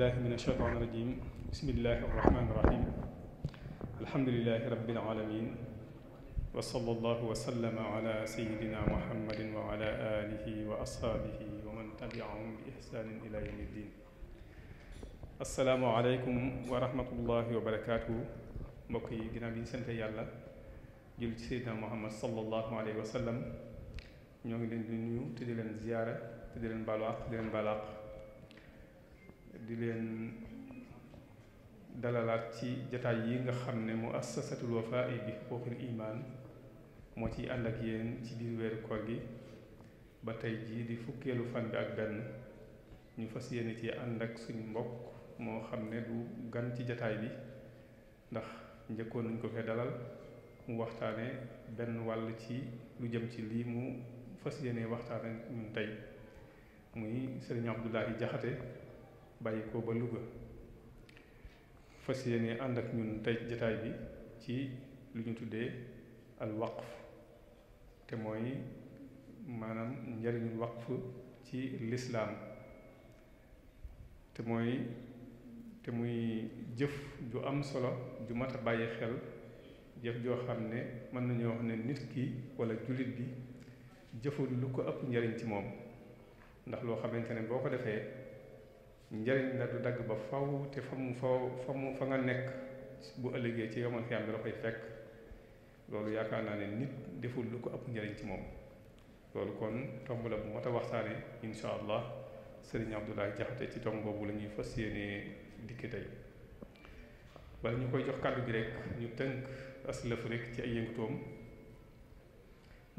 الله من الشيطان الرجيم بسم الله الرحمن الرحيم الحمد لله رب العالمين وصلى الله وسلم على سيدنا محمد وعلى آله وأصحابه ومن تبعهم بإحسان إلى يوم الدين السلام عليكم ورحمة الله وبركاته مكي جنابي سنة يالا جل سيدنا محمد صلى الله عليه وسلم ñoo ngi leen di nuyu te di leen ziyaara te di leen di leen dalalaat ci jataay yi nga xam mu assasatul wafaa bi xuquuqil iman mo ci ànd ak yéen ci biir weeru koor gi ba tey jii di fukkeelu fan bi ak benn ñu fas yéene ci ànd ak suñu mbokk moo xam ne du gan ci jataay bi ndax njëkkoon nañ ko fee dalal mu waxtaane ben wàll ci lu jëm ci lii mu fas yéene waxtaane ñun tey muy sëriñ Abdullahi Jaxate bàyyi ko ba Louga fas yéene ànd ñun tey jataay bi ci lu ñu tuddee al waqf te mooy maanaam njariñul waqf ci lislaam te mooy te muy jëf ju am solo ju mat a bàyyi xel jëf joo xam ne mën nañoo wax ne nit ki wala jullit bi jëful lu ko ëpp njariñ ci moom ndax loo xamante ne boo ko defee njariñ la du dagg ba faw te fam faw fam fa nga nekk bu ëllëgee ci yomal xiyam bi la koy fekk loolu yaakaar naa ne nit deful lu ko ëpp njariñ ci moom loolu kon tomb la bu mat a waxtaane insha allah sëriñ abdoulaye jaxate ci tomb boobu la ñuy fas yéenee dikki tey wala ñu koy jox kàddu gi rek ñu tënk aslëf rek ci ay yëngutoom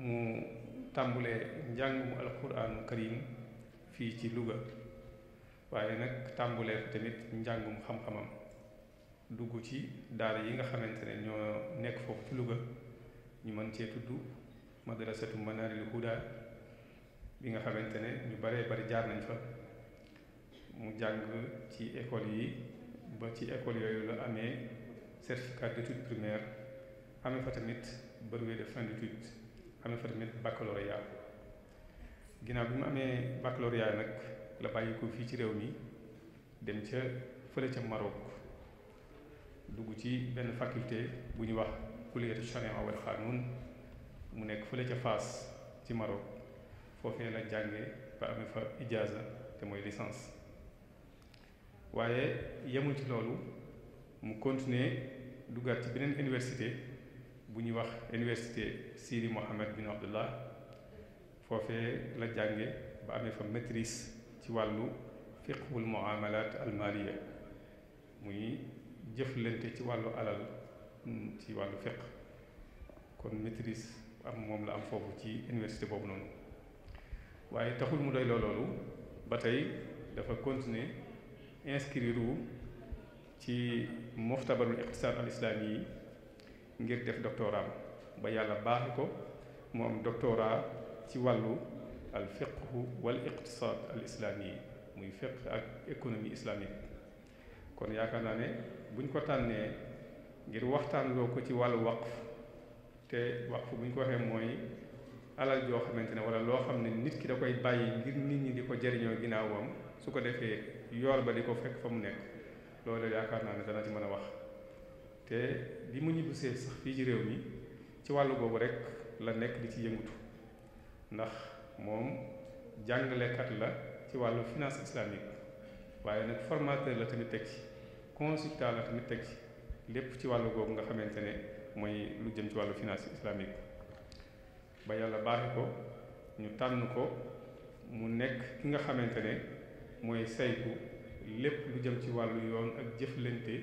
mu tàmbulee njàng mu alquraanu karim fii ci Louga waaye nag tàmbulee ko tamit njàngum xam-xamam dugg ci daara yi nga xamante ne ñoo nekk foofu ci Louga ñu mën cee tudd madrasatu manaril huda bi nga xamante ne ñu baree bari jaar nañ fa mu jàng ci école yi ba ci école yooyu la amee certificat d'études primaire amee fa tamit brevet de fin d'études amee fa tamit baccalauréat ginnaaw bi mu amee baccalauréat nag la bàyyi ko fii ci réew mi dem ca fële ca Maroc dugg ci benn faculté bu ñuy wax kulliyatu sharia wal xanuun mu nekk fële ca fas ci Maroc foofee la jànge ba amee fa ijaaza te mooy licence waaye yemu ci loolu mu continuer duggaat ci beneen université bu ñuy wax université Sidi Mohammed bin Abdullah foofee la jànge ba amee fa maîtrise ci wàllu fiqhul muamalat al maliya muy jëflante ci wàllu alal ci wàllu fiq kon maîtrise am moom la am foofu ci université boobu noonu waaye taxul mu doy loolu ba tey dafa continuer inscrire wu ci moftabarul iqtisaad al yi ngir def doctorat ba yàlla baax ko mu am doctorat ci wàllu الفقه والاقتصاد الاسلامي موي فقه اك ايكونومي اسلامي كون ياكانا ني بون كو naa ne buñ ko tànnee ngir waxtaanloo ko وقف wàllu waqf te waqf buñ ko alal jo xamantene wala lo xamne nit ki da koy bàyyi ngir nit ñi diko ko ginaawam su ko defé yool ba diko fekk famu nek nekk loolu yaakaar naa ne dana ci mëna wax te bi mu ñibu sé sax fi ci réew mi ci walu boobu rek la nek di ci yëngutu ndax moom jàngalekat la ci wàllu finance islamique waaye nag formateur la tamit teg ci consultant la tamit teg ci lépp ci wàllu googu nga xamante ne mooy lu jëm ci wàllu finance islamique ba yàlla baaxe ko ñu tànn ko mu nekk ki nga xamante ne mooy saytu lépp lu jëm ci wàllu yoon ak jëflante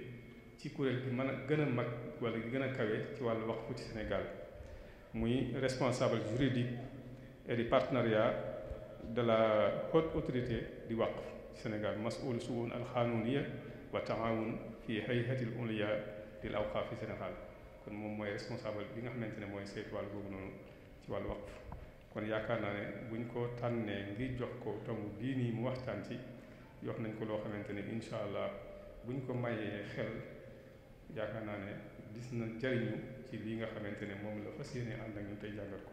ci kuréel gi mën a gën a mag wala gi gën a kawe ci wàllu waqfu ci Sénégal muy responsable juridique et du partenariat de la haute autorité du waqf Sénégal mas'oul suun al khanouniya wa taawun fi hay'ati al ulya lil awqaaf Sénégal kon moom mooy responsable bi nga xamante ne mooy saytu wàll boobu noonu ci wàllu waqf kon yaakaar naa ne buñ ko tànnee ngir jox ko tomb bii nii mu waxtaan ci yox nañ ko loo xamante ne incha allah buñ ko mayee xel yaakaar naa ne gis na jariñu ci lii nga xamante ne moom la fas yéene ànd ak ñun tey jàngal ko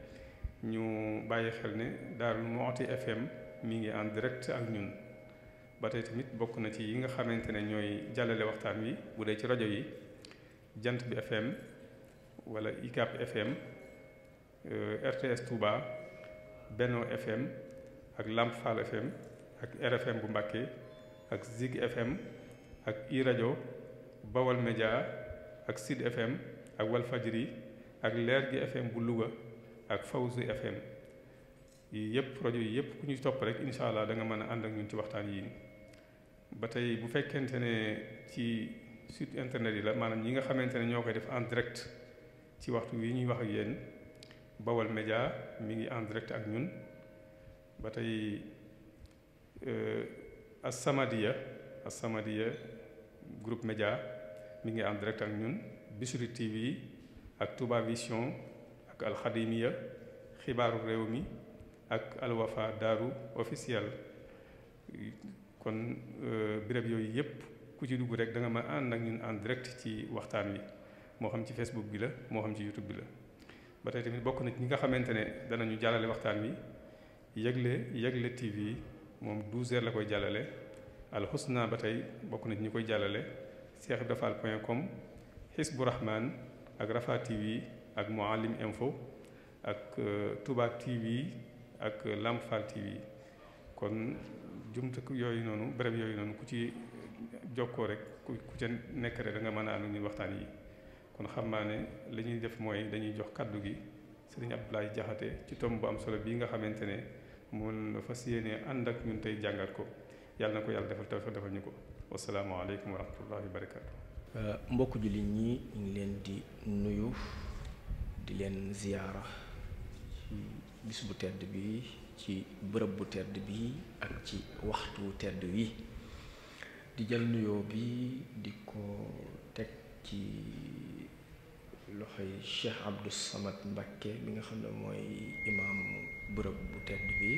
ñu bàyyi xel ne Darou Mouhty FM mi ngi en direct ak ñun ba tey tamit bokk na ci yi nga xamante ne ñooy jàllale waxtaan wi bu dee ci rajo yi Jant bi FM wala ICAP FM euh, RTS Touba Beno FM ak Lamp Fall FM ak RFM bu Mbàkke ak Zig FM ak i rajo Bawal Média ak Sud FM ak Walfajri ak Leer gi FM bu Louga. ak Fawzi FM yii yëpp rajo yi yëpp ku ñuy topp rek incha allah da nga mën a ànd ak ñun ci waxtaan yii ba tey bu fekkente ne ci site internet yi la maanaam ñi nga xamante ne ñoo koy def en direct ci waxtu wi ñuy wax ak yéen Bawal Média mi ngi en direct ak ñun ba tey euh, As-Samadiyya As-Samadiyya groupe média mi ngi en direct ak ñun Bichri TV ak Touba Vision ak alxadimiya xibaaru réew mi ak alwafa daaru officiel kon béréb yooyu yëpp ku ci dugg rek da nga ma ànd ak ñun en direct ci waxtaan wi moo xam ci facebook bi la moo xam ci youtube bi la ba tey tamit bokk na ci ñi nga xamante ne danañu jàllale waxtaan wi yëgle yëgle tv moom 12 heures la koy jàllale alxusna ba tey bokk na ci ñi koy jàllale cheikh ibrafal point com xisbu rahman ak rafa tv ak Mouhalim info ak euh, Touba TV ak Lamp Fall TV kon jumtuk yooyu noonu béréb yooyu noonu ku ci jox jokkoo rek ku ku ca nekk rek da nga mën a am ñun waxtaan yi kon xam naa ne li ñuy def mooy dañuy jox kàddu gi Sëriñ Abdoulaye Jaxate ci tomb bu am solo bii nga xamante ne moom la fas yéene ànd ak ñun tey jàngat ko yàlla na ko yàlla defal tawfiq defal ñu ko wasalaamaaleykum wa rahmatullahi wa barakaatu. Euh, mbokk jullit ñi ñu leen di nuyu. di leen ziyaara ci bis bu tedd bi ci bërëb bu tedd bi ak ci waxtu tedd wi di jël nuyoo bi di ko teg ci loxoy Cheikh Abdou Samad Mbakke bi nga xam ne mooy imaam bërëb bu tedd bi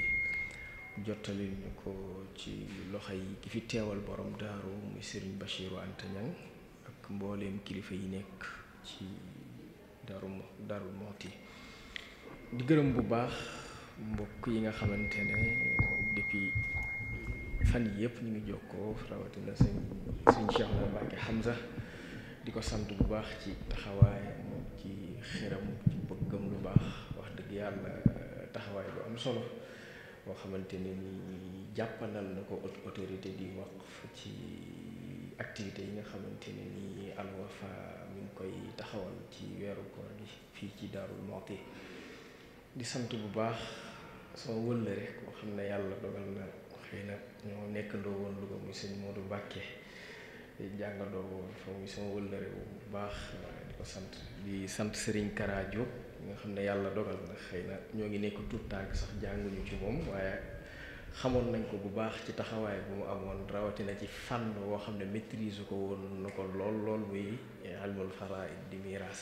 jottali ñu ko ci loxo yi ki fi teewal borom daaru muy sëriñ Bachirou Anta ak mbooleem kilifa yi nekk ci daru daru mooti di gërëm bu baax mbokk yi nga xamante ne depuis fan yi yëpp ñu ngi jokkoo rawatina sëñ sëñ Cheikh na Mbacke Hamza di ko sant bu baax ci taxawaayam ci xiram ci bëggam lu baax wax dëgg yàlla taxawaay bu am solo boo xamante ne ni jàppanal na ko autorité di waqf ci activité yi nga xamante ne ni Al koy taxawal ci weeru koor gi fii ci Darou Mouhty di sant bu baax sama wëllëre koo xam ne yàlla dogal na xëy na ñoo nekkandoo woon Louga muy sëñ Modou Mbacke di jàngandoo woon fa muy sama wëllëre bu baax di ko sant di sant Serigne Kara Diop xam ne yàlla dogal na xëy na ñoo ngi nekk tuut tànk sax jànguñu ci moom waaye. xamoon nañ ko bu baax ci taxawaay bu mu amoon rawatina ci fànn woo xam ne maîtrise ko woon na ko lool lool muy almul faraid di miraas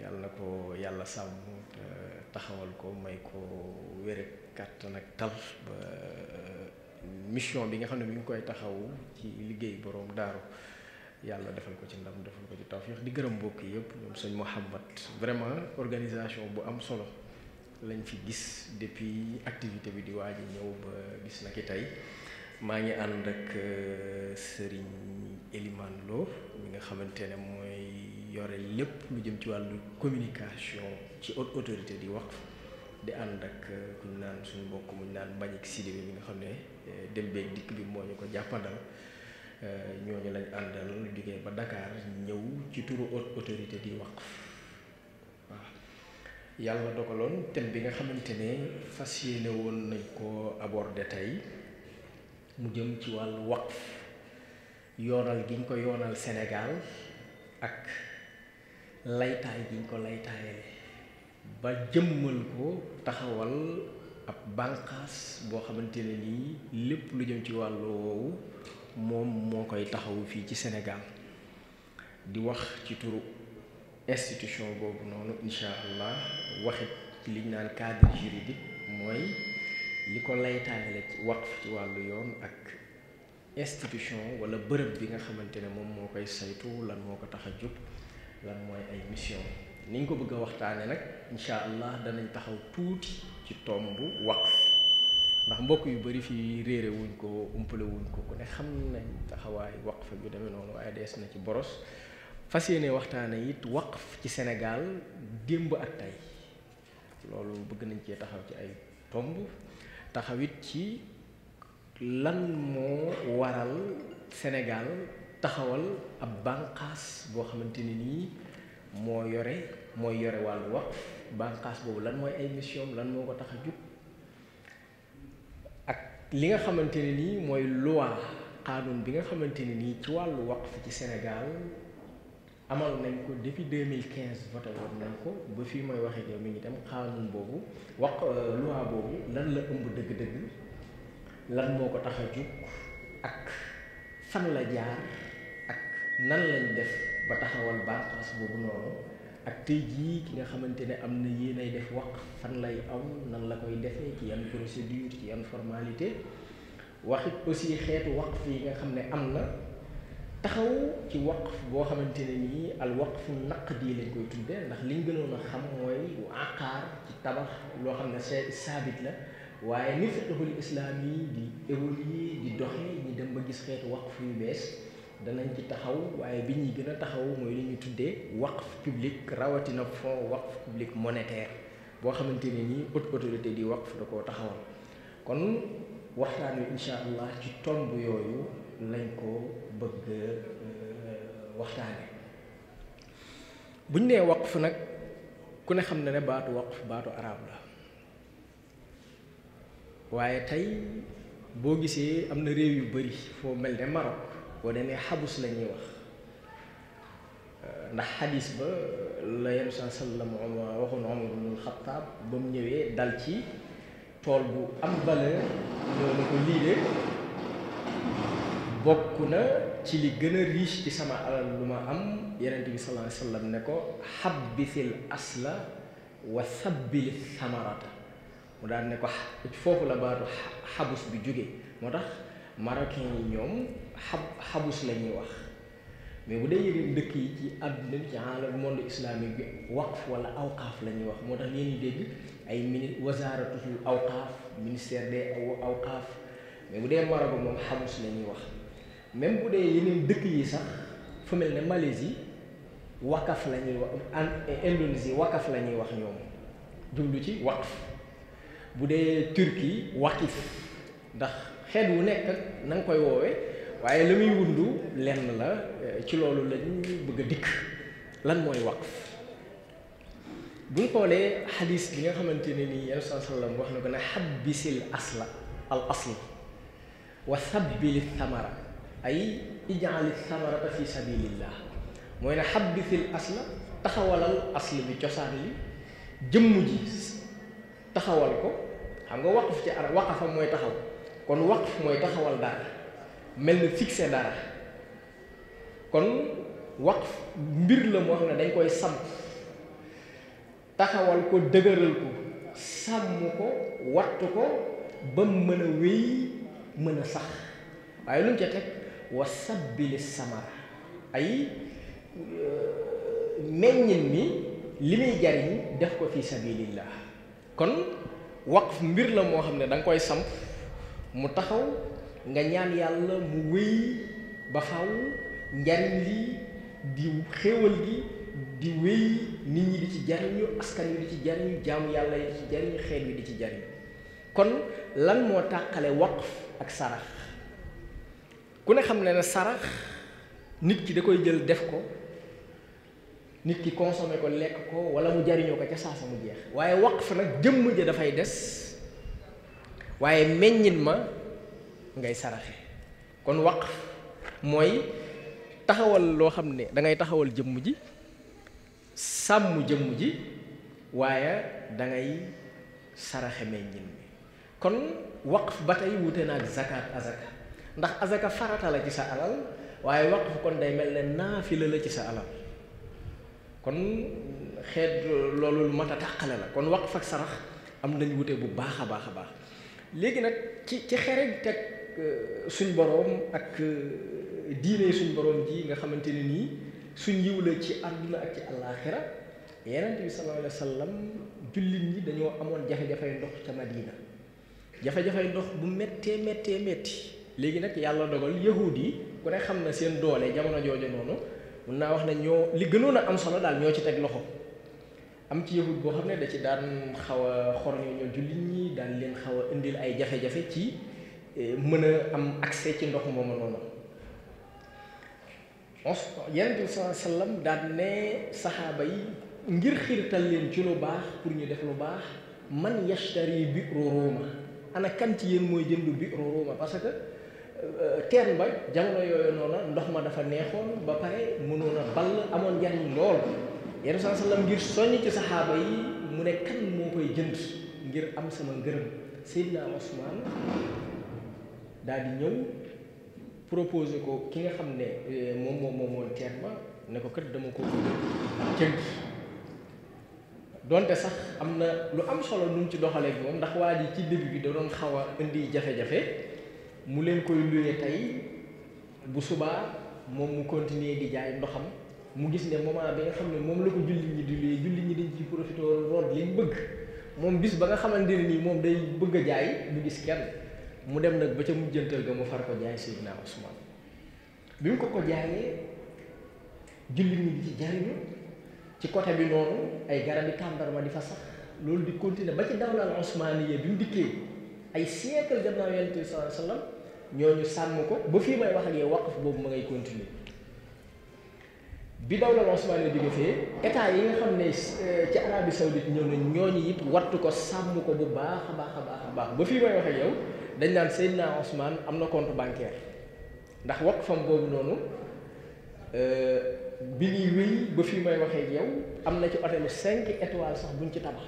yàlla na ko yàlla sàmm euh, taxawal ko may ko wére nag ak tal ba euh, mission bi nga xam ne mu ngi koy taxaw ci liggéey boroom daaru yàlla defal ko ci ndam defal ko ci tawfiix di gërëm mbokk yëpp ñoom sëñ Mouhamad vraiment organisation bu am solo lañ fi gis depuis activité bi di waaj a ñëw ba gis na ki tey maa ngi ànd ak euh, Serigne Elimane Lo mi nga xamante ne mooy yore lépp lu jëm ci wàllu communication ci haute autorité di wax di ànd ak euh, ku naan suñu mbokk mu naan Mbagnick Sidibé mi nga xam ne euh, dem beeg dikk bi moo ñu ko jàppandal ñooñu lañ àndal lu jógee ba dakaar ñëw ci turu autorité di wax. yalla dogalon tem bi nga xamantene ne won nañ ko aborder tay mu jëm ci walu waqf yoonal giñ ko yonal senegal ak laytaay giñ ko laytaayale ba jëmmal ko taxawal ab bankas bo xamantene ni lepp lu jëm ci walu wowo mom mokay koy taxawu ci senegal di wax ci turu institution boobu noonu incha allah waxit ci liñ naan cadre juridique mooy li ko laytaanale ci waqf ci wàllu yoon ak institution wala bërëb bi nga xamante ne moom moo koy saytu lan moo ko tax a jóg lan mooy ay mission ni ñu ko bëgg a waxtaane nag incha allah danañ taxaw tuuti ci tomb wax ndax mbokk yu bari fii réere wuñ ko umpale wuñ ko ku ne xam nañ taxawaay waqf yu demee noonu waaye dees na ci boros fasiyene yéene waxtaane it waqf ci senegal démb ak tay loolu bëgg nañ ci taxaw ci ay tomb taxawit ci lan moo waral Senegal taxawal ab bànqaas boo xamanteni ni nii moo yore mooy yore wàllu waqf bànqaas boobu lan mooy ay mission lan moo ko tax a ak li nga xamanteni ni loi qanun bi nga xamanteni ni ci wàllu waqf ci senegal amaloon nañ ko depuis 2015 voté woon nañ ko ba fii may waxee yow mi ngi dem xaanuñ boobu wax euh, loi boobu lan la ëmb dëgg-dëgg lan moo ko tax a jug ak fan la jaar ak nan lañ def ba taxawal bànqaas boobu noonu ak tey jii ki nga xamante ne am na yéenay def wax fan lay aw nan la koy defee ci yan procédure ci yan formalité waxit aussi xeetu wax fii nga xam ne am na taxaw ci waqf boo xamante ne nii al waqf dii lañ koy tuddee ndax liñ gënoon a xam mooy aqaar ci tabax loo xam ne see saabit la waaye ni fiqhul islaam yi di di doxe ñu dem ba gis xeetu waqf yu bees danañ ci taxaw waaye bi ñuy gën a taxaw mooy li ñu tuddee waqf public rawatina fonds waqf public monétaire boo xamante ne nii haute autorité di waqf da koo taxawal kon waxtaan wi incha allah ci tomb yooyu lañ ko bëgg euh, euh, waxtaane bu ñu nee waqf nag ku ne xam na ne baatu waqf baatu arab la waaye tey boo gisee am na réew yu bari foo mel ne Maroc boo demee xabus lañuy wax ndax xadis ba la yenn saa sallam waxoon Omar ibn Xattaab ba mu ñëwee dal ci tool bu am valeur ñoo ko lii de bokk na ci li gën a riche ci sama alal lu ma am yonent bi sallallahu alayhi wasallam ne ko xabbisil asla wa sabbil samarata mu daan ne ko foofu la baatu xabus bi jóge moo tax marocain yi ñoom xab xabus la ñuy wax mais bu dee yeneen dëkk yi ci àdduna bi ci àll monde islamique bi waqf awqaaf la ñuy wax moo tax ngeen dégg ay mini wasaaratul awqaaf ministère des awqaaf mais bu dee Maroc moom xabus la ñuy wax. même bu dee yeneen dëkk yi sax fu mel ne Malaisie wakaf la ñuy wax Indonésie wakaf la ñuy wax ñoom jublu ci waqf bu dee Turquie waqif ndax xeet wu nekk na koy woowe waaye la muy wundu lenn la eh, ci loolu lañ bëgg a dikk lan mooy waqf buñ xoolee xadis bi nga xamante ne nii yenn saa sallam wax na ko ne xabbisil asla al asl wa sabbil thamara ay ijaali samarata fi sabilillah mooy ne xabbisil asla taxawalal asl bi cosaan li jëmm ji taxawal ko xam nga waqf ci arab waqafa mooy taxaw kon waqf mooy taxawal dara mel ni fixse dara kon waqf mbir la moo xam ne dañ koy samp taxawal ko dëgëral ko sàmm ko wattu ko ba mën a wéy mën a sax waaye lu mu ca teg wa sabbili samara ay euh, meññin mi li muy jariñ def ko fi sabilillah kon waqf mbir la moo xam ne danga koy samp mu taxaw nga ñaan yàlla mu wéy ba faw njariñ li di xéewal gi di wéy nit ñi di ci jariñu askan wi di ci jariñu jaamu yàlla yi di ci jariñu xeet wi di ci jariñu kon lan moo tàqale waqf ak sarax ku ne xam ne ne sarax nit ki da koy jël def ko nit ki consommé ko lekk ko wala mu jariñoo ko ca saasa mu jeex waaye waqf nag jëmm ja dafay des waaye meññit ma ngay saraxe kon waqf mooy taxawal loo xam ne dangay taxawal jëmm ji sàmm jëmm ji waaye dangay saraxe meññin mi kon waqf ba tey wute naa ak zakat ndax azaka farata la ci sa alal waaye waqf kon day mel ne naafila la la ci sa alal kon xeet loolu mat a tàqale la kon waqf ak sarax am nañu wute bu baax a baax a baax léegi nag ci ci xere teg euh, suñ boroom ak euh, diine suñ boroom ji nga xamante ni nii suñ yiw la ci àdduna ak ci àllaaxira yenent bi sallallahu alayhi wa jullit ñi dañoo amoon jafe-jafey ndox ca Madina jafe-jafey ndox bu méttee méttee métti léegi nag yàlla dogal yahud yi ku ne xam na seen doole jamono jooju noonu mun naa wax ne ñoo li gënoon a am solo daal ñoo ci teg loxo am ci yahud boo xam ne da ci daan xaw a xor ñoo ñoo jullit ñi daan leen xaw indil ay jafe-jafe ci e, mën a am accès ci ndox moomu noonu os bi sallallahu alayhi daan ne saxaaba yi ngir xiirtal leen ci lu baax pour ñu def lu baax man yashtari bi'ru Roma ana kan ci yéen mooy jënd bi'ru Roma parce que teen ba jamono yooyu noonu ndox ma dafa neexoon ba pare mënoon a amoon njariñ lool yenn saa sallam ngir soññ ci saxaaba yi mu ne kan moo koy jënd ngir am sama ngërëm Seydina Ousmane daal di ñëw proposé ko ki nga xam ne euh, moom moom moomoon teen ba ne ko kër dama ko jënd donte sax am na lu am solo nu ci doxalee moom ndax waa di ci début bi da doon xaw a indi jafe-jafe mu leen koy luyee tey bu subaa moom mu continuer di jaay ndoxam mu gis ne moment bi nga xam ne moom la ko jullit ñi di luyee jullit ñi dañ ciy profité root leen bëgg moom bis ba nga xamante ni nii moom day bëgg a jaay du gis kenn mu dem nag ba ca mujjantal ga mu far ko jaay Seydina Ousmane bi mu ko ko jaayee jullit ñi di ci jariñu ci côté bi noonu ay garabi tàndarma di fa sax loolu di continuer ba ci dawlal Ousmaniye bi mu dikkee ay siècle gannaaw yonent bi sallallahu alayhi wa sallam ñooñu sàmm ko ba fi may wax ak yow waqf boobu ma ngay continuer bi daw la Osmaan la jóge fee état yi nga xam ne euh, ci Arabie Saoudite ñëw na ñooñu it wattu ko sàmm ko bu baax a baax a baax baax ba fii may wax ak yow dañ naan Seydina Osmaan am na compte bancaire ndax waqfam boobu noonu euh, bi ñuy wéy ba fii may waxee ak am na ci hôtelu cinq étoiles sax buñ ci tabax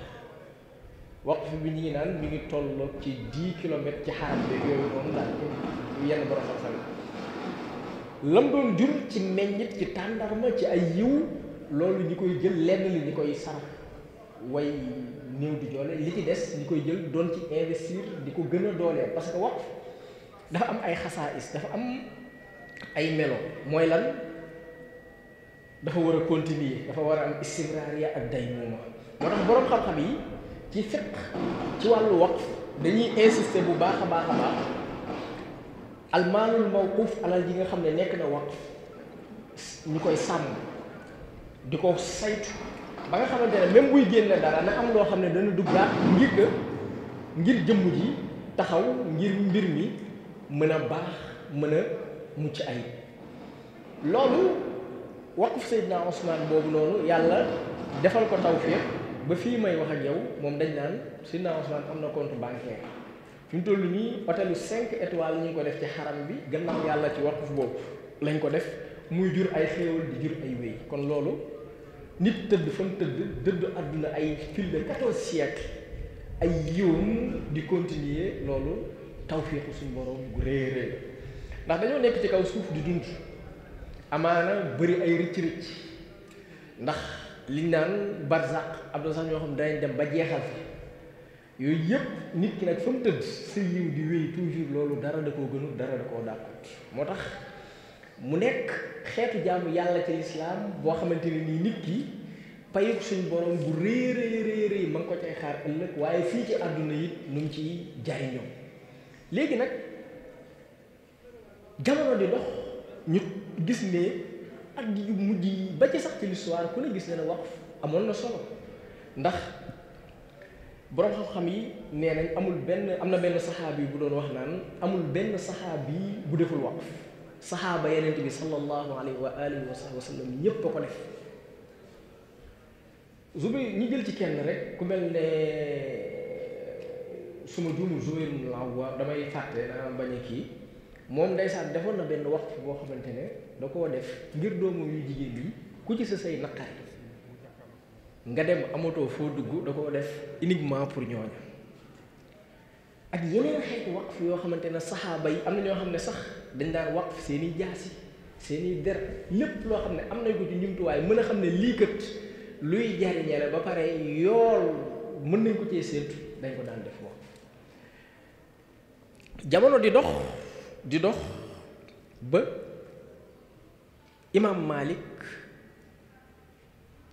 waqf bi ñu ngi naan mi ngi toll ci 10 km ci xaram bi yooyu noonu la ko yenn borom xam-xam lam doon jur ci meññit ci tandarma ci ay yiw loolu ñi koy jël lenn li ñi koy sar way néew di doole li ci des ñi koy jël doon ci investir di ko gën a dooleel parce que waqf dafa am ay xasaais dafa am ay melo mooy lan dafa war a continuer dafa war a am istibraariya ak day mooma moo tax borom xam-xam yi ci fiq ci wàllu waqf dañuy insister bu baax a baax a baax almaalul alal ji nga xam ne nekk na waqf ñu koy sàmm di ko saytu ba nga xamante ne même buy génne dara na am loo xam ne dana duggaat ngir que ngir jëmm ji taxaw ngir mbir mi mën a baax mën a mucc ay loolu waqf Seydina Ousmane boobu noonu yàlla defal ko taw tawfiq ba fii may wax ak yow moom dañ si Seydina Ousmane am na compte bancaire fi mu toll nii hôtelu cinq étoiles ñu ngi ko def ci xaram bi gannaaw yàlla ci waqf boobu lañ ko def muy jur ay xéewal di jur ay wéy kon loolu nit tëdd fa tëdd dëdd àdduna ay fil de quatorze siècle ay yiwam di continuer loolu tawfiixu suñu borom gu rëy rëy ndax dañoo nekk ci kaw suuf di dund amaana bëri ay rëcc rëcc ndax liñ naan barzaq am na sax ñoo xam ne danañ dem ba jeexal fi yooyu yëpp nit ki nag fa mu tëdd sa yiw di wéy toujours loolu dara da koo gënul dara da koo dàqut moo tax mu nekk xeetu jaamu yàlla ci lislaam boo xamante ne nii nit ki payuk suñ borom bu rëy rëy rëy ma ko cay xaar ëllëg waaye fii ci àdduna yit nu mu ciy jariñoo léegi nag jamono di dox ñu gis ne at yu mujj yi ba ci sax ci l'histoire ku ne gis ne ne waqf amoon na solo ndax borom xam-xam yi nee nañ amul benn am na benn saxaabi bu doon wax naan amul benn saxaabi bu deful waqf saxaaba yeneen bi sallallahu alayhi wa alihi wa sallam ñépp a ko def Zubayr ñi jël ci kenn rek ku mel ne su ma juumul Zubayr mu laaw damay fàtte dana bañ a kii moom ndeysaan defoon na benn waxtu boo xamante ne da koo def ngir doomu yu jigéen bi ku ci sa say naqar nga dem amatoo foo dugg da koo def uniquement pour ñooñu ak yeneen xeetu waqf yoo xamante ne saxaaba yi am na ñoo xam ne sax dañ daan waqf seen i jaasi seen i der lépp loo xam ne am nañ ko ci njumtuwaay mën a xam ne lii kët luy jariñe ba pare yool mën nañ ko cee séentu dañ ko daan def waqf jamono di dox di dox ba imaam Malik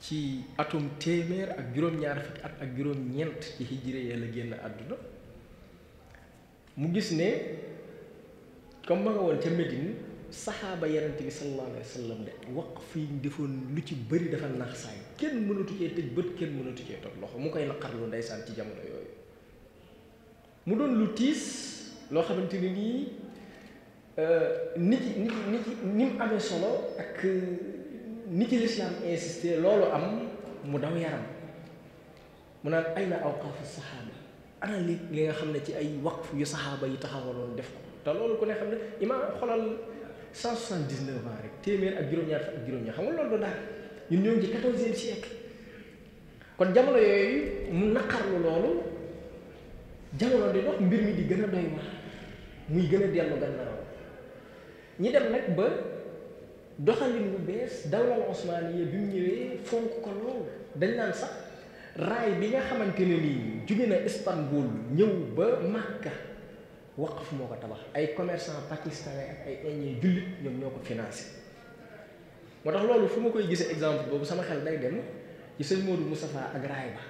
ci atum téeméer ak juróom-ñaar fukki at ak juróom-ñeent ci hijjire yee la génn àdduna mu gis ne comme ma nga woon ca Médine saxaaba yonent bi sallallahu alayhi wa ñu defoon lu ci bëri dafa naax saay kenn mënatu cee tëj bët kenn mënatu cee toj loxo mu koy naqarlu ndeysaan ci jamono yooyu mu doon lu tiis loo xamante ni nii Euh, ni ci ni nim ni ni solo ak euh, ni ci l'islam insisté loolu am mu daw yaram mu naan ay na awqaafu saxaaba ana li li nga xam ne ci ay waqf yu saxaaba yi taxawaloon def ko ta lolo ku ne xam ne imaam xolal 179 ans rek téeméer ak juróom-ñaar ak juróom-ñaar xam nga loolu du daal ñun ñoo ngi 14e siècle kon jamono yooyu mu naqarlu jamono di dox mbir mi di gën doy waar muy gën a gannaaw ñi dem nag ba doxalin bu bees dawlal osmaniya bi mu ñëwee fonk ko lool dañ naan sax raay bi nga xamante ne nii jóge na Istanbul ñëw ba Makka fu moo ko tabax ay commerçant pakistanais ay indien jullit ñoom ñoo ko financé moo tax loolu fu ma koy gisee exemple boobu sama xel day dem ci sëñ Modou Moustapha ak raay ba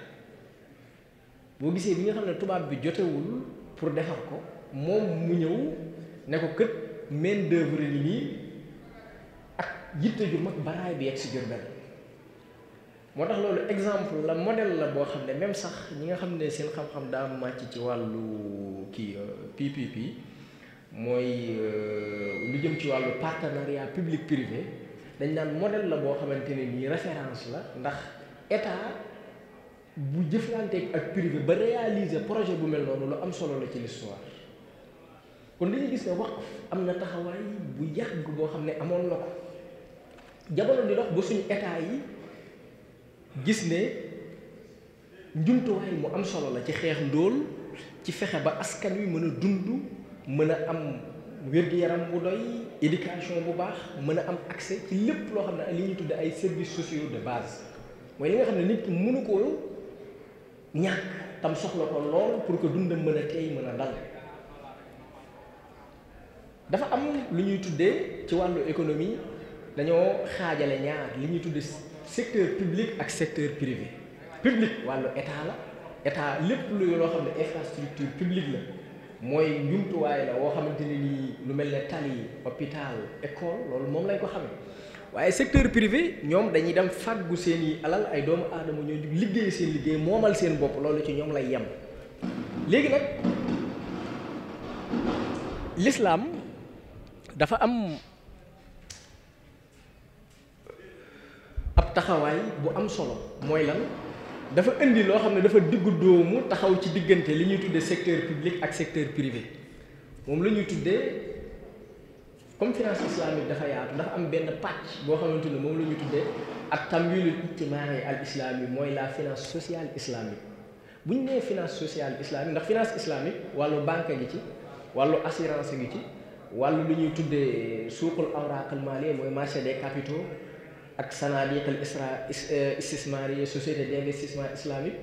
boo gisee bi nga xam ne tubaab bi jotewul pour defar ko moom mu ñëw ne ko kët main d'œuvre yi nii ak yitte ju mag baraay bi yegg si Jurbel moo tax loolu exemple la modèle la boo xam ne même sax ñi nga xam ne seen xam-xam daa màcc ci wàllu kii PPP euh, mooy euh, lu jëm ci wàllu partenariat public privé dañ daan modèle la boo xamante ne nii référence la ndax état bu jëflanteeg ak privé ba réaliser projet bu mel noonu lu am solo la ci l'histoire kon li ñu gis ne waqf am na taxawaay bu yàgg boo xam ne amoon na ko jamono di dox ba suñu état yi gis ne njumtuwaay mu am solo la ci xeex ndóol ci fexe ba askan wi mën a dund mën a am wér-gu-yaram bu doy éducation bu baax mën a am accès ci lépp loo xam ne li ñuy tudde ay services sociaux de base mooy li nga xam ne nit ki mënu koo ñàkk tam soxla ko lool pour que dundam mën a tey mën a dal dafa am lu ñuy tuddee ci wàllu économie dañoo xaajale ñaar li ñuy tuddee secteur public ak secteur privé public wàllu état la état lépp lu loo xam ne infrastructure publique la mooy njumtuwaay la woo xamante ne nii lu mel ne tali hôpital école loolu moom lañ ko xamee waaye secteur privé ñoom dañuy dem fàggu seen i alal ay doomu aadama ñoo jug liggéey seen liggéey moomal seen bopp loolu ci ñoom lay yem léegi nag dafa am ab taxawaay bu am solo mooy lan dafa indi loo xam ne dafa diggu dóomu taxaw ci diggante li ñuy tuddee secteur public ak secteur privé moom la ñuy tuddee comme finance islamique dafa yaatu dafa am benn pàcc boo xamante ne moom la ñuy tuddee ak tamwilul ijtimaai al islami mooy la finance sociale islamique bu ñu nee finance sociale islamique ndax finance islamique wàllu banque gi ci wàllu assurance gi ci wàllu lu ñuy tuddee suuqul awraaq al maliya mooy marché des capitaux ak sanadiq al isra euh, istismariya société d'investissement islamique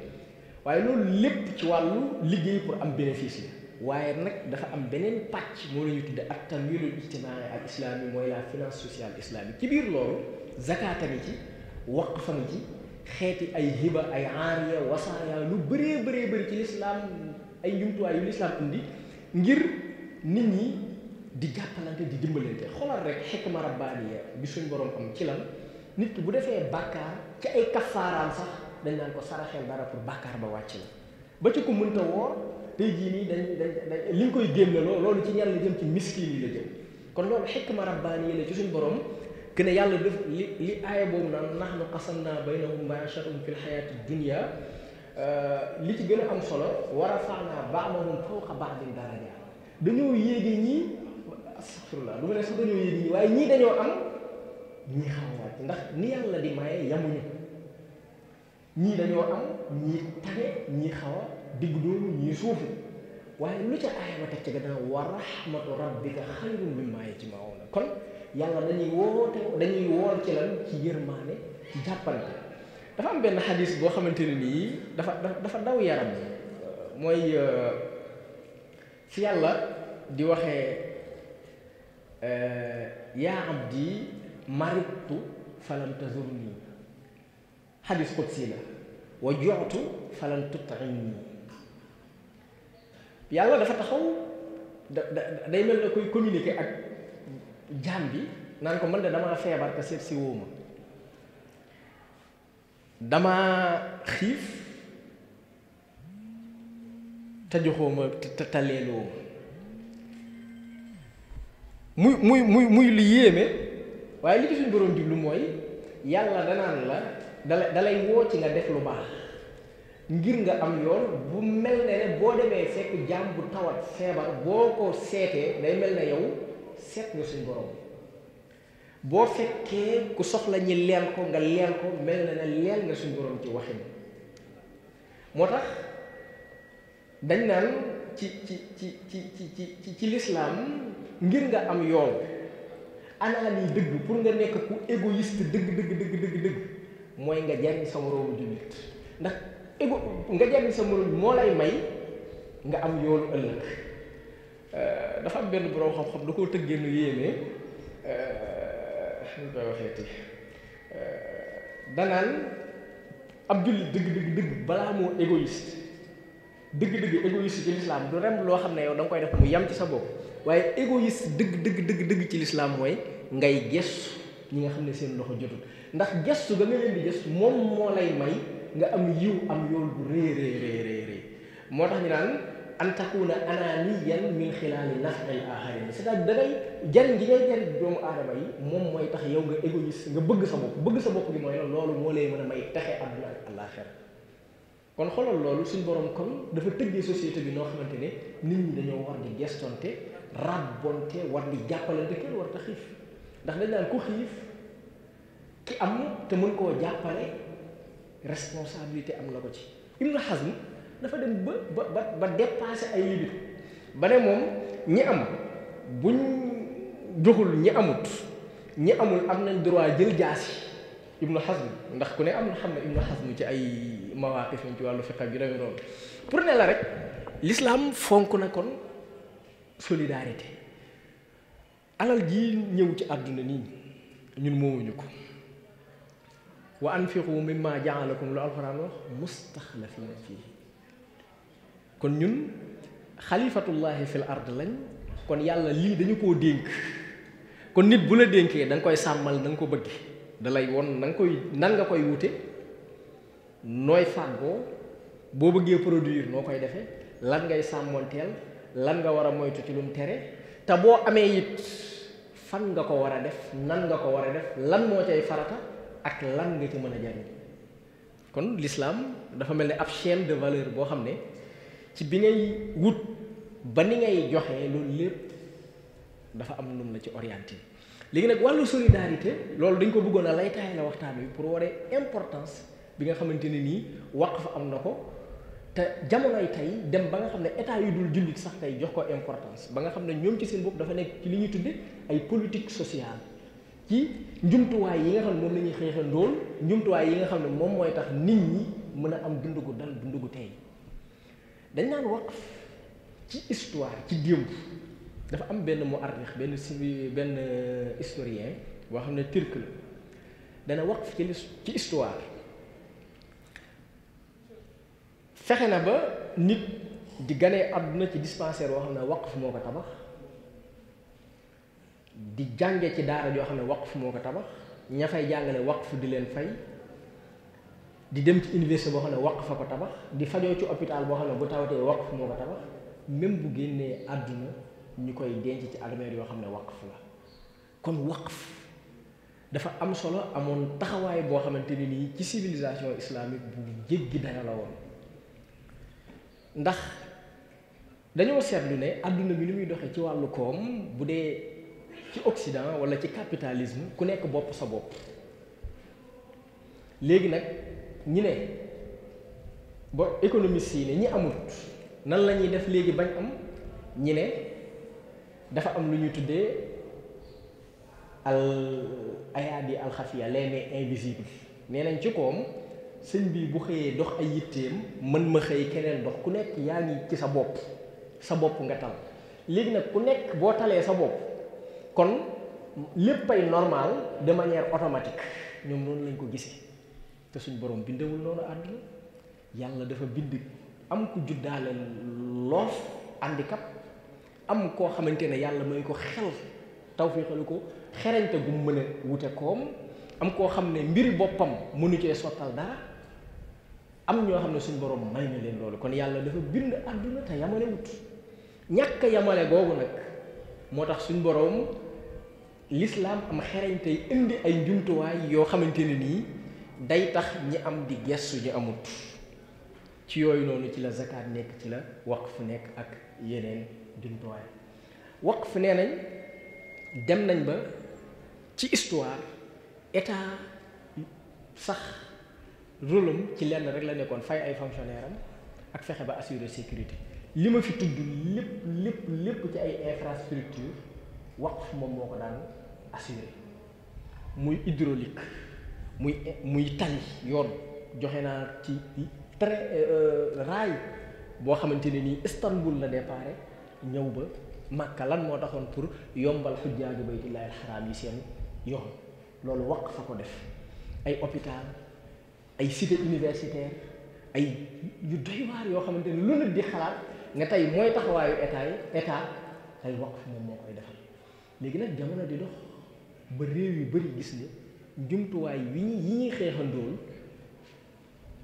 waaye loolu lépp ci wàllu liggéey pour am bénéfice waaye nag dafa am beneen pàcc moo la ñuy tudde ak tanwirul mooy la finance sociale islamique ci biir loolu zakaata ngi ci waqfa ngi ci xeeti ay hiba ay aariya wasaaya lu bëree bëree bëri ci lislaam ay njumtuwaay yu lislaam indi ngir nit ñi di jàppalante di dimbalante xoolal rek xikma rabbaaniya bi suñ borom am ci lan nit ki bu defee bàkkaar ci ay kafaaraam sax dañ naan ko saraxeel dara pour bàkkaar ba wàcc la ba ci ko mënta woor tey jii nii dañ dañ dañ li ñu koy génne loolu ci ñan la jëm ci miskin yi la jëm kon loolu xikma rabbaaniya la suñ borom que ne yàlla def li li aaya boobu naan nahnu qasamnaa baynahum ma'ishatahum fil hayaati dunya euh, li ci gën a am solo war a faanaa ba'dahum fawqa ba'din daraja dañoo yéege ñii astafurlah du ma ne sax dañoo yëg ñi waaye ñii dañoo am ñii xawaat ndax ni yàlla di maye yamuñu ñii dañoo am ñii tane ñii xaw a digg doomu ñii suufu waaye lu ca aaya ba teg ci gannaaw wa rahmatu rabbika xayrun mimma yajmauna kon yàlla dañuy woote dañuy wool ci lan ci yërmaane ci jàppante dafa am benn xadis boo xamante ne nii dafa dafa daw yaram eh, mooy fi yàlla di waxee Euh, yaa abdi maridtu falam tazurni xadis qudsi la wa joxtu falam tut'imni yàlla dafa taxaw da day mel na koy communiquer ak jaan bi naan ko mën de damaa feebar te seet si wóoma damaa xiif te joxoo ma te taleeloo muy muy muy muy lu yéeme waaye li ci suñu borom jublu mooy yàlla danaan la dala dalay woo ci nga def lu baax ngir nga am yoon bu mel ne ne boo demee fekk jaam bu tawat feebar boo ko seetee day mel na yow seet nga suñu borom boo fekkee ku soxla ñi leel ko nga leel ko mel na ne leel nga suñu borom ci waxin moo tax dañ naan ci ci ci ci ci ci ci lislaam ngir nga am yoon ana li deug pour nga nek ku égoïste deug deug deug deug deug moy nga jariñ sa moroomu jullit ndax ego nga jariñ sa morom mo lay may nga am yoonu euh dafa am benn borom xam-xam da koo tëggee nu yéeme euh, nu koy da nan am jullit deug deug deug bala mo égoïste deug deug égoïste ci l'islam du rem lo xamné yow dang koy def mu yam ci sa bokk waaye égoïste dëgg dëgg dëgg dëgg ci lislaam mooy ngay gestu ñi nga xam ne seen loxo jotul ndax gestu ga nga leen di gestu moom moo lay may nga am yiw am yool bu rëy rëy rëy rëy moo tax ñu naan an takuna ananiyan min xilaali nafil aharin c'est-à-dire dangay jariñ gi ngay jariñ doomu aadama yi moom mooy tax yow nga égoïste nga bëgg sa bopp bëgg sa bopp gi mooy loolu moo lay mën a may texe àdduna ak àllaaxira kon xolal loolu suñ borom kon dafa tëggee société bi noo xamante ne nit ñi dañoo war di gestonte rabbonte war di jàppalante kenn war ta xiif ndax dañ naan ku xiif ki am te mën koo jàppale responsabilité am na ko ci xas Hazm dafa dem ba ba ba dépassé ay limite ba ne moom ñi am buñ joxul ñi amut ñi amul am nañ droit jël jaasi xas Hazm ndax ku ne am na xam ne Ibn Hazm ci ay mawaqif ci wàllu fiqa bi demee noonu pour ne la rek lislaam fonk na kon solidarité alal ji ñëw ci àdduna nii ñun moomuñu ko wa anfiqu mimma jaalakum lu alxuraan wax mustaxlafina fii kon ñun xalifatullahi fil ard lañ kon yàlla lii dañu koo dénk kon nit bu la dénkee danga koy sàmmal danga ko bëgge da lay won na nga nan nga koy wute nooy fàggoo boo bëggee produire noo koy defe lan ngay sàmmoonteel lan nga war a moytu ci lum tere te boo amee it fan nga ko war a def nan nga ko war a def lan moo cay farata ak lan nga ci mën a jariñ kon lislaam dafa mel ni ab chaîne de valeur boo xam ne ci bi ngay wut ba ni ngay joxe loolu lépp dafa am num la ci orienté léegi nag wàllu solidarité loolu dañ ko bëggoon a laytaay la waxtaan wi pour waree importance bi nga xamante ne nii fa am na ko te jamonoy tey dem ba nga xam ne état yu dul jullit sax tey jox ko importance ba nga xam ne ñoom ci seen bopp dafa nekk ci li ñu tudde ay politique sociale ci njumtuwaay yi nga xam ne moom la ñuy xeexa ndóol yi nga xam ne moom mooy tax nit ñi mën a am dund gu dal dund gu tey dañ naan waqf ci histoire ci démb dafa am benn mu arrix benn si benn euh, historien boo xam ne turc la dana waqf ci ci histoire fexe na ba nit di ganee àdduna ci dispensaire boo xam ne fu moo ko tabax di jànge ci daara yoo xam ne waqf moo ko tabax ña fay jàngale fu di leen fay di dem ci université boo xam ne waqf a ko tabax di fajoo ci hôpital boo xam ne bu tawatee waqf moo ko tabax même bu génnee àdduna ñu koy denc ci armeel yoo xam ne fu la kon waqf dafa am solo amoon taxawaay boo xamante ne nii ci civilisation islamique bu jéggi dara la woon ndax dañoo seetlu ne àdduna bi ni muy doxee ci wàllu koom bu dee ci Occident wala ci capitalisme ku nekk bopp sa bopp léegi nag ñi ne ba économistes yi ne ñi amut nan la def léegi bañ am ñi ne dafa am lu ñuy tuddee al ayaadi alxafiya les invisible nee nañ ci koom sëñ bii bu xëyee dox ay yitteem mën ma xëy keneen dox ku nekk yaa ngi ci sa bopp sa bopp nga tal léegi nag ku nekk boo talee sa bopp kon lépp ay normal de manière automatique ñoom noonu lañ ko gisee te suñu borom bindewul noonu àdduna yàlla dafa bind am ku juddaale loof handicap am koo xamante ne yàlla may ko xel tawféexalu ko xerañte gu mu mën a wute koom am koo xam ne mbiri boppam mënu cee sottal dara am ñoo xam ne suñ borom may na leen loolu kon yàlla dafa bind àdduna te yamale wut ñàkk yamale boobu nag moo tax suñ boroom lislaam am xereñ tey indi ay njumtuwaay yoo xamante ne nii day tax ñi am di gestu ñu amut ci yooyu noonu ci la zakat nekk ci la wax fu nekk ak yeneen njumtuwaay fu nee nañ dem nañ ba ci histoire état sax rôlum ci lenn rek la nekkoon fay ay fonctionnaire am ak fexe ba assurer sécurité li ma fi tudd lépp lépp lépp ci ay infrastructure waqf moom moo ko daan assurer muy hydraulique muy muy tali yoon joxe naa ci très euh, raay boo xamante ne nii istanbul la déparé ñëw ba makka lan moo taxoon pour yombal xujjaaju baytillahi alxaraam yi seen yoon loolu waqfa fa ko def ay hôpital ay cité universitaire ay yu doy waar yoo xamante ne lu nit di xalaat nga tey mooy taxawaayu état yi état tey waqf moom moo koy defal léegi nag jamono di dox ba réew yu bëri gis ne jumtuwaay yi ñuy yi ñuy xeexandool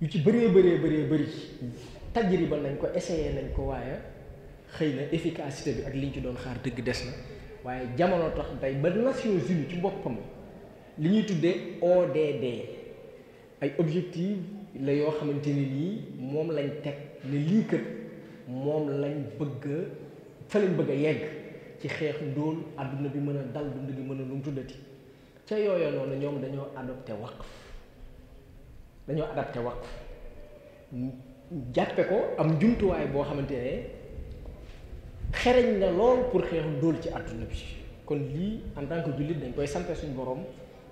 yu ci bëree bëree bëree bëri tajriba nañ ko essayé nañ ko waaye xëy na efficacité bi ak liñ ci doon xaar dëgg des na waaye jamono tax tey ba Nations Unies ci boppam li ñuy tuddee ODD ay objectif la yoo xamante ni nii moom lañ teg ne lii kat moom lañ bëgg fa lañ bëgg a yegg ci xeex ndóol àdduna bi mën a dal dund gi mën a lu mu tuddati ca yooya noonu ñoom dañoo adopté waqf dañoo adapté waqf jàppe ko am jumtuwaay boo xamante ne xereñ na lool pour xeex ndóol ci àdduna bi kon lii en tant que jullit dañ koy sante suñ borom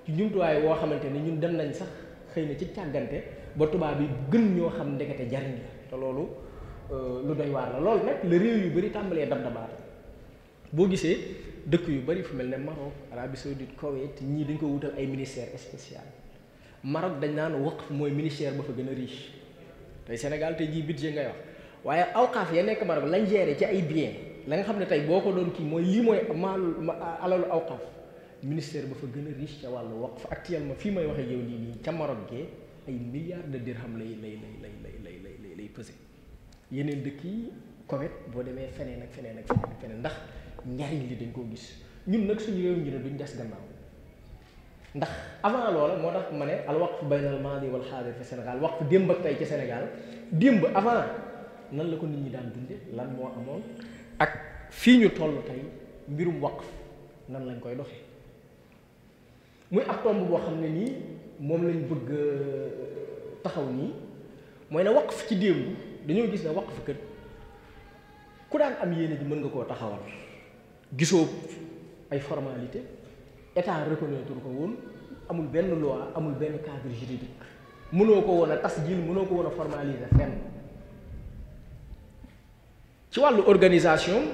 ci jumtuwaay boo xamante ne ñun dem nañ sax xëy na ci càggante ba tubaab bi gën ñoo xam ndekete jariñ la te loolu euh, lu doy waar la loolu nag la réew yu bari tàmbalee dab dabaat boo gisee dëkk yu bari fu mel ne Maroc Arabie Saoudite Koweït ñii dañ ko wutal ay ministère spécial Maroc dañ naan waqf mooy ministère ba fa gën a riche tey Sénégal tey jii budget ngay wax waaye aw awqaaf ya nekk Maroc lañ géré ci ay bien la xam ne tey boo ko doon kii mooy lii mooy maalu alalu awqaaf ministère ba fa gën a riche ca wàllu waqf actuellement fii may waxee yow nii nii ca Maroc gee ay milliards de dirham lay lay lay lay lay lay lay lay lay pesé yeneen dëkk yi Covid boo demee feneen ak feneen ak feneen feneen ndax njariñ li dañ koo gis ñun nag suñu réew ñu ne duñ des gannaaw ndax avant loola moo tax ma ne al waqf baynal maadi wal xaadir fi Sénégal waqf démb ak tey ci Sénégal démb avant nan la ko nit ñi daan dunde lan moo amoon ak fii ñu toll tey mbirum waqf nan lañ koy doxee muy ak tomb bo xam ni mom lañ bëgg euh, taxaw ni moy na waqf ci démb dañu gis na waqf kër ku daan am yene ji mën nga ko taxawal gisoo ay formalité état reconnaître ko won amul benn loi amul benn cadre juridique mënoo ko woon a tasjil mënoo ko woon a formaliser fenn ci walu organisation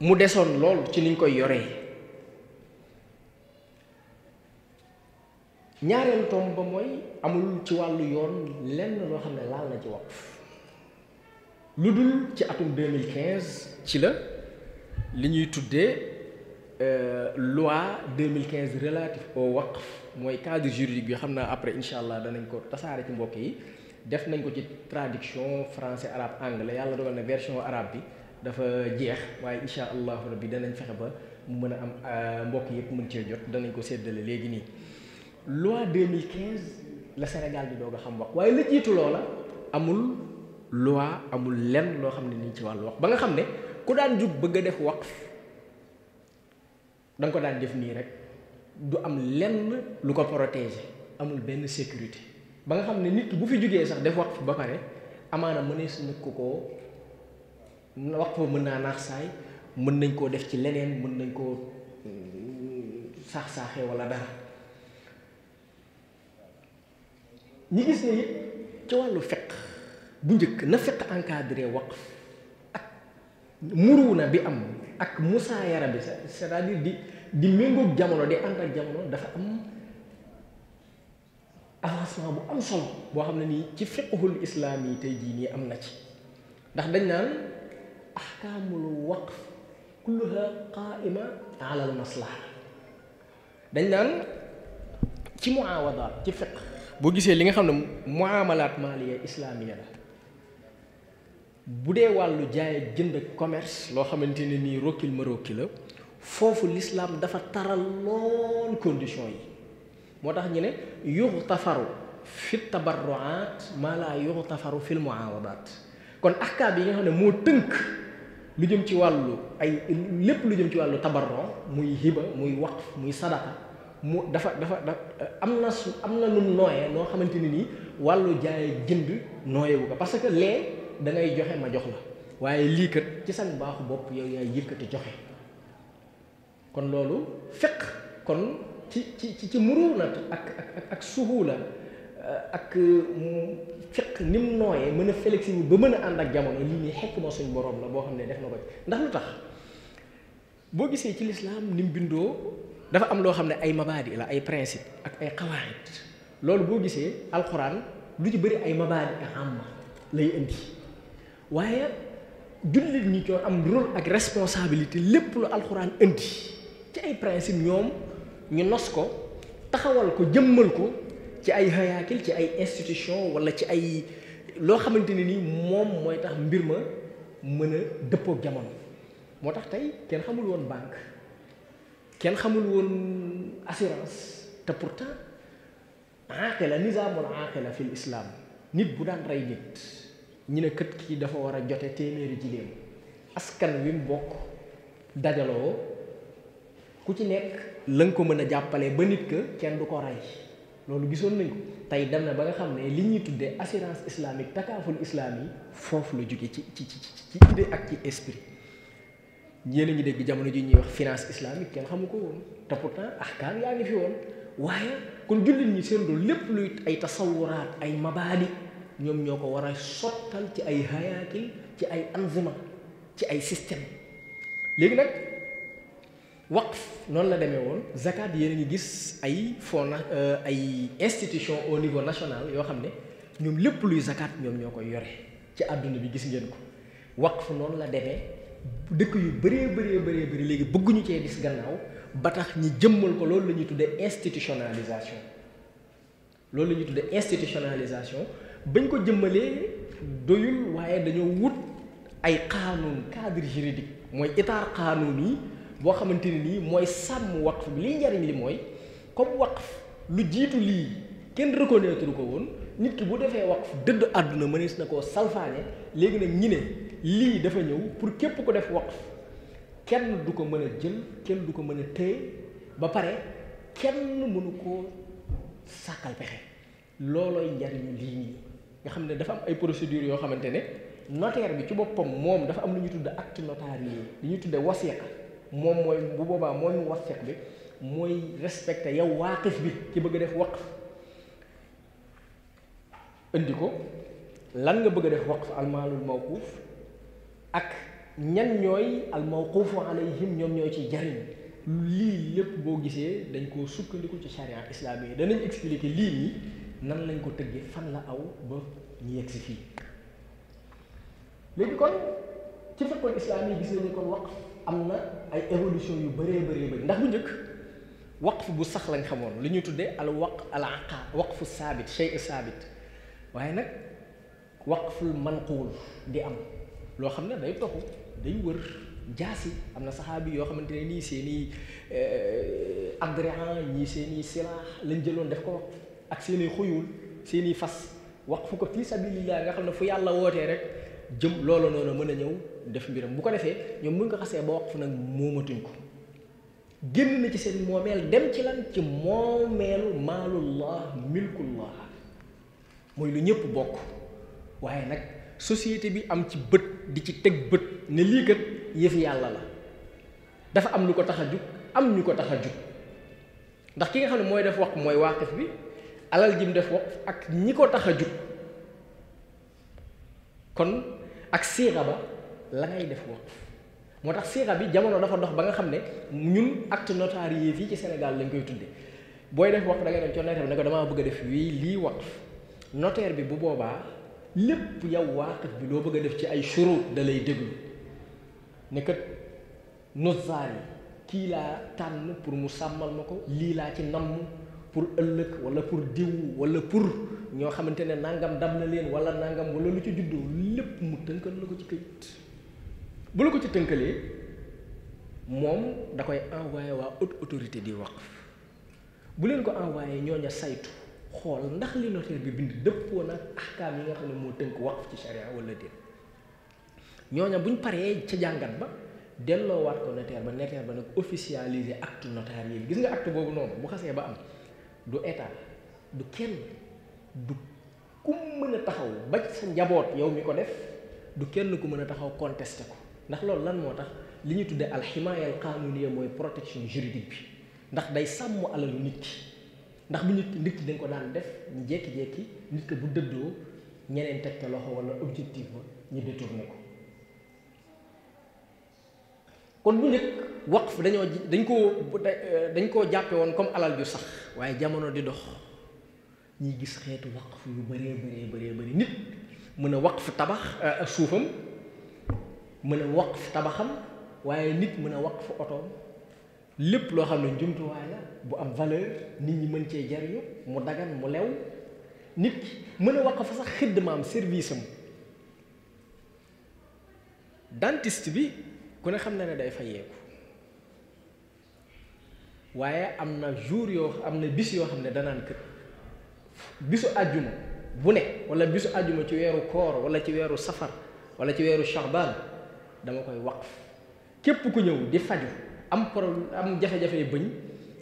mu desoon lool ci niñ koy yoree ñaareelu tomb ba mooy amul ci wàllu yoon lenn loo xam ne laal na ci wax lu dul ci atum 2015 ci la li ñuy tuddee euh, loi 2015 relative au wax mooy cadre juridique bi xam naa après incha allah danañ ko tasaare ci mbokk yi def nañ ko ci traduction français arabe anglais yàlla dogal na version arabe bi dafa jeex waaye incha allahu rabbi danañ fexe ba mu mën a am euh, mbokk yëpp mën cee jot danañ ko séddale léegi nii loi 2015 la Sénégal bi doog a xam wax waaye la jiitu loola amul loi amul lenn loo xam ne nii ci wàll wax ba nga xam ne ku daan jug bëgg a def waqf da nga ko daan def nii rek du am lenn lu ko protéger amul benn sécurité ba nga xam ne nit bu fi jugee sax def waqf ba pare amaana mënees na ko koo waqf ba mën naa naax saay mën nañ koo def ci leneen mën nañ koo mm, saax-saaxee wala dara ñi gis ni ci walu feq bu njëkk na feq encadré waqf ak muruna bi am ak musa bi c' est à dire di di méngoog jamono di ànd ak jamono dafa am avancement bu am solo boo xam ne nii ci fiqhul islam yi tey jii nii am na ci ndax dañ naan ahkamul waqf kulluha qaima ala al maslaha dañ naan ci muawada ci fiqh bo gisee ya, li nga xam ne muamalaat maaliya islamiya la bu dee wàllu jaay jënd commerce loo xamante ne nii rokkil ma rokki la foofu l'islam dafa taral lool condition yi moo tax ñu ne yuxtafaru fi tabarruat maa yuxtafaru fi muawadat kon ahkaam yi nga xam ne moo tënk lu jëm ci wàllu ay lépp lu jëm ci wàllu tabarro muy hiba muy waqf muy sadaqa mu dafa dafa am na su am na lu nooyee noo xamante ne nii wàllu jaay jënd nooyewu ko parce que lee dangay joxe ma jox la waaye lii kat ci sa baaxu bopp yow yaay yëkkati joxe kon loolu fekk kon ci ci ci muru na ak ak ak suhu la ak fekk euh, ni mu nooyee mën a flexible ba mën a ànd ak jamono lii nii xekk ma suñ borom la boo xam ne def na ko ci ndax lu tax boo gisee ci lislaam ni bindoo dafa am loo xam ne ay mabaadi la ay principe ak ay xawaayit loolu boo gisee alxuraan lu ci bëri ay mabaadi ak amma lay indi waaye jullit ñi ñoo am rôle ak responsabilité lépp lu alxuraan indi ci ay principe ñoom ñu nos ko taxawal ko jëmmal ko ci ay hayaakil ci ay institution wala ci ay loo xamante ni moom mooy tax mbir ma mën a dëppook jamono moo tax tey kenn xamul woon banque kenn xamul woon assurance te pourtant aaqila nizaamul aaqila fil islam nit bu daan rey nit ñu ne kët kii dafa war a jote téeméeri jigéen askan wi mu bokk dajaloo ku ci nekk la ko mën a jàppale ba nit ka kenn du ko rey loolu gisoon nañu tey dem na ba nga xam ne li ñuy tuddee assurance islamique takaaful yi foofu la jóge ci ci ci ci idée ak ci esprit ñii la ñu dégg jamono ji ñuy wax finance islamique kenn xamu ko woon te pourtant ahkaam yaa ngi fi woon waaye kon jullit ñi seen dool lépp luy ay tasawuraat ay mabaadi ñoom ñoo ko war a sottal ci ay hayaakil ci ay anzima ci ay système léegi nag waqf noonu la demee woon zakat yéen a ngi gis ay fond euh, ay institution au niveau national yoo xam ne ñoom lépp luy zakat ñoom ñoo koy yore ci àdduna bi gis ngeen ko waqf noonu la demee dëkk yu bëree bëree bëree bëri léegi bëgguñu cee gis gannaaw ba tax ñi jëmmal ko loolu la ñuy tuddee institutionnalisation loolu la ñuy tuddee bañ ko jëmmalee doyul waaye dañoo wut ay xaanuun cadre juridique mooy état xaanuun yi boo xamante ne nii mooy sàmm waqf bi liy njariñ li mooy comme waqf lu jiitu lii kenn reconnaître ko woon nit ki bu defee waqf dëdd àdduna mënees na koo salfaane léegi nag ñi ne lii dafa ñëw pour képp ko def waqf kenn du ko mën a jël kenn du ko mën a téye ba pare kenn mënu koo sàkkal pexe loolooy njariñu lii nii nga xam ne dafa am ay procédures yoo xamante ne notaire bi ci boppam moom dafa am lu ñuy tudde acte notarié li ñuy tudde wasiq moom mooy bu boobaa mooy wasiq bi mooy respecté yow waaqif bi ci bëgg a def waqf indi ko lan nga bëgg a def waqf almaalul mawquuf ak ñan ñooy al mawqufu alayhim ñoom ñooy ciy jariñ lii lépp boo gisee dañ koo sukkandiku ci charia islaam yi danañ expliquer lii nii nan lañ ko tëggee fan la aw ba ñu si fii léegi kon ci fekkoon islaam yi gis nañu kon waqf am na ay évolution yu bëree bëree bëri ndax bu njëkk wax bu sax lañ xamoon li ñuy tuddee al waq al aqa waqfu saabit shay saabit waaye nag waqful manquul di am loo xam ne day toxu day wër jaasi am na saxaabi yoo xamante ne nii seen i eh, adrian ñii seen i silaax lañ jëloon def ko ak seen xuyul seen i fas waqfu ko fii sabilillah nga xam ne fu yàlla wootee rek jëm loolu noonu mën a ñëw def mbiram bu ko defee ñoom buñ ko xasee ba waqfu nag moomatuñ ko génn na ci seen moomeel dem ci lan ci moomeelu maalullah milkullah mooy lu ñëpp bokk waaye nag société bi am ci bët di ci teg bët ne lii kat yëfi yàlla la dafa am lu ko tax a jug am ñu ko tax a jug ndax ki nga xam ne mooy def waqf mooy waaqif bi alal jim def waqf ak ñi ko tax a jug kon ak siixa ba la def waqf moo tax siixa bi jamono dafa dox ba nga xam ne ñun acte notarié fii ci senegal lañ koy tudde booy def waqf da ngay dem bi ne ko damaa bëgg a def wii lii waqf notaire bi bu boobaa lépp yow waaqif bi loo bëgg a def ci ay shurut dalay lay déglu ne kat nozaar yi kii laa tànn pour mu sàmmal ma ko lii laa ci namm pour ëllëg wala pour diw wala pour ñoo xamante ne nangam dab na leen wala nangam wala lu ci juddoo lépp mu tënkal la ko ci këyit bu la ko ci tënkalee moom da koy envoyé waa haute autorité di waqf bu leen ko envoyé ñooña saytu xool ndax li notaire bi bind dëppoo nag ahkaam yi nga xam ne moo tënk waqf ci sharia wala déet ñooña buñ paree ca jàngat ba delloowaat ko notaire ba notaire ba nag officialiser acte notarié yi gis nga acte boobu noonu bu xasee ba am du état du kenn du ku mën a taxaw ba sa njaboot yow mi ko def du kenn ku mën a taxaw contesté ko ndax loolu lan moo tax li ñu tuddee alximaaya alqaanuniya mooy protection juridique bi ndax day sàmm alalu nit ndax bu nit nit ki dañ ko daan def ñu jékki-jékki nit ki bu dëddoo ñeneen teg ko loxo wala objectif ba ñu détourné ko kon bu njëkk waqf dañoo dañ koo dañ koo jàppe woon comme alal ju sax waaye jamono di dox ñuy gis xeetu waqf yu bëree bëree bëree bëri nit mën a waqf tabax euh, suufam mën a waqf tabaxam waaye nit mën a waqf otoom lépp loo xam ne jumtuwaay bu am valeur nit ñi mën cee jariñu mu dagan mu lew nit ki mën a waqf fa sax xidmaam service am dentiste bi ku ne xam na ne day fa yeeku waaye am na jour yoo am na bis yoo xam ne danaan kër bisu àjjuma bu ne wala bisu àjjuma ci weeru koor wala ci weeru safar wala ci weeru shaban dama koy waqf képp ku ñëw di faju am problème am jafe-jafe bëñ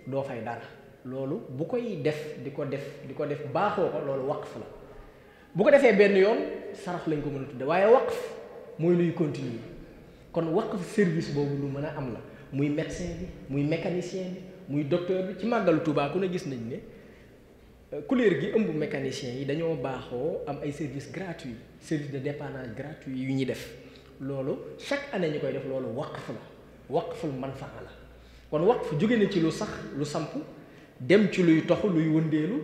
doo fay dara loolu bu koy def di ko def di ko def baaxoo ko loolu waqf la bu ko defee benn yoon sarax lañ ko mën a tudde waaye waqf mooy luy continuer kon waqf service boobu lu mën a am la muy médecin bi muy mécanicien bi muy docteur bi ci màggalu tubaaku na gis nañ ne euh, couleur gi ëmb mécanicien yi dañoo baaxoo am ay service gratuit service de dépannage gratuit yu ñuy def loolu chaque année ñu koy def loolu waqf la waqful manfaa la kon waqf jóge na ci lu sax lu samp dem ci luy toxu luy wëndeelu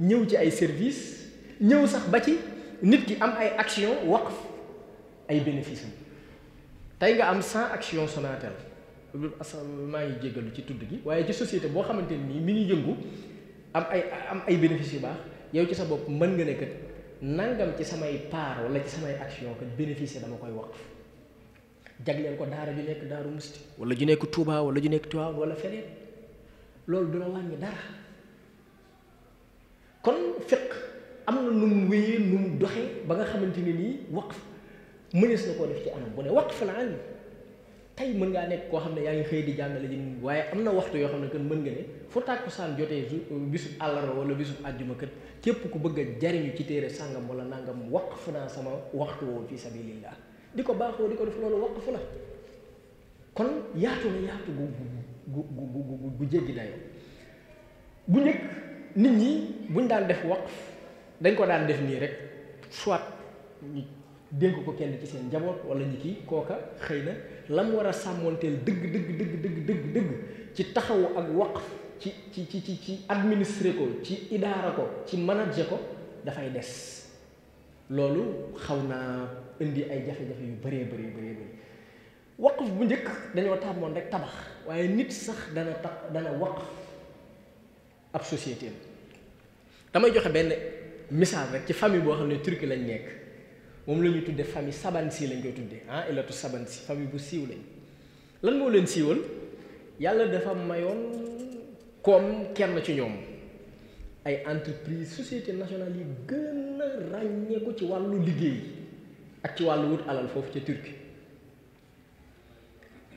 ñëw ci ay service ñëw sax ba ci nit ki am ay action waqf ay bénéfice tey nga am cent action Sonatel maa ngi jéggalu ci tudd gi waaye ci société boo xamante nii mi ngi yëngu am ay am ay bénéfice yu baax yow ci sa bopp mën nga ne kat nangam ci samay part wala ci samay action kat bénéfice dama koy waqf jagleel ko daara ju nekk daaru musti wala ju nekk Touba wala ju nekk Tiwaawan wala feneen loolu du la wàññi dara kon fiq am na nu mu wéyee nu mu ba nga xamante ni nii waqf mënees na koo def ci anam bu ne wax la am mën ngaa nekk koo xam ne yaa ngi xëy di jàngale ji waaye am na waxtu yoo xam ne kat mën nga ne fu tàkkusaan jotee bisub àllarba wala bisub àjjuma kat képp ku bëgg a jariñu ci téere sàngam wala nangam waqf naa sama waxtu woo fi sabilillah di ko baaxoo di ko def loolu waqfu la kon yaatu na yaatu gu gu gu gu gu gu jéggi dayo bu njëkk nit ñi buñ daan def wakf, dañ ko daan def nii rek soit ñu dénk ko kenn ci seen njaboot wala ñi kii kooka xëy na lam war a sàmmoonteel dëgg dëgg dëgg dëgg dëgg dëgg ci taxawu ak waqf ci ci ci ci ci ko ci idaara ko ci manager ko dafay des loolu xaw naa indi ay jafe-jafe yu bëree bëri bëri bëri waqf bu njëkk dañoo tàmmoon rek tabax waaye nit sax dana ta dana waqf ab société am joxe benn misaal rek ci famille boo xam ne turki lañ nekk moom la ñuy tuddee famille Sabansi lañ koy tuddee ah ilatu Sabansi famille bu siiw lañ lan moo leen siiwal yàlla dafa mayoon koom kenn ci ñoom ay entreprise société nationale yi gën a ràññeeku ci wàllu liggéey ak ci wàll wut alal foofu ca Turquie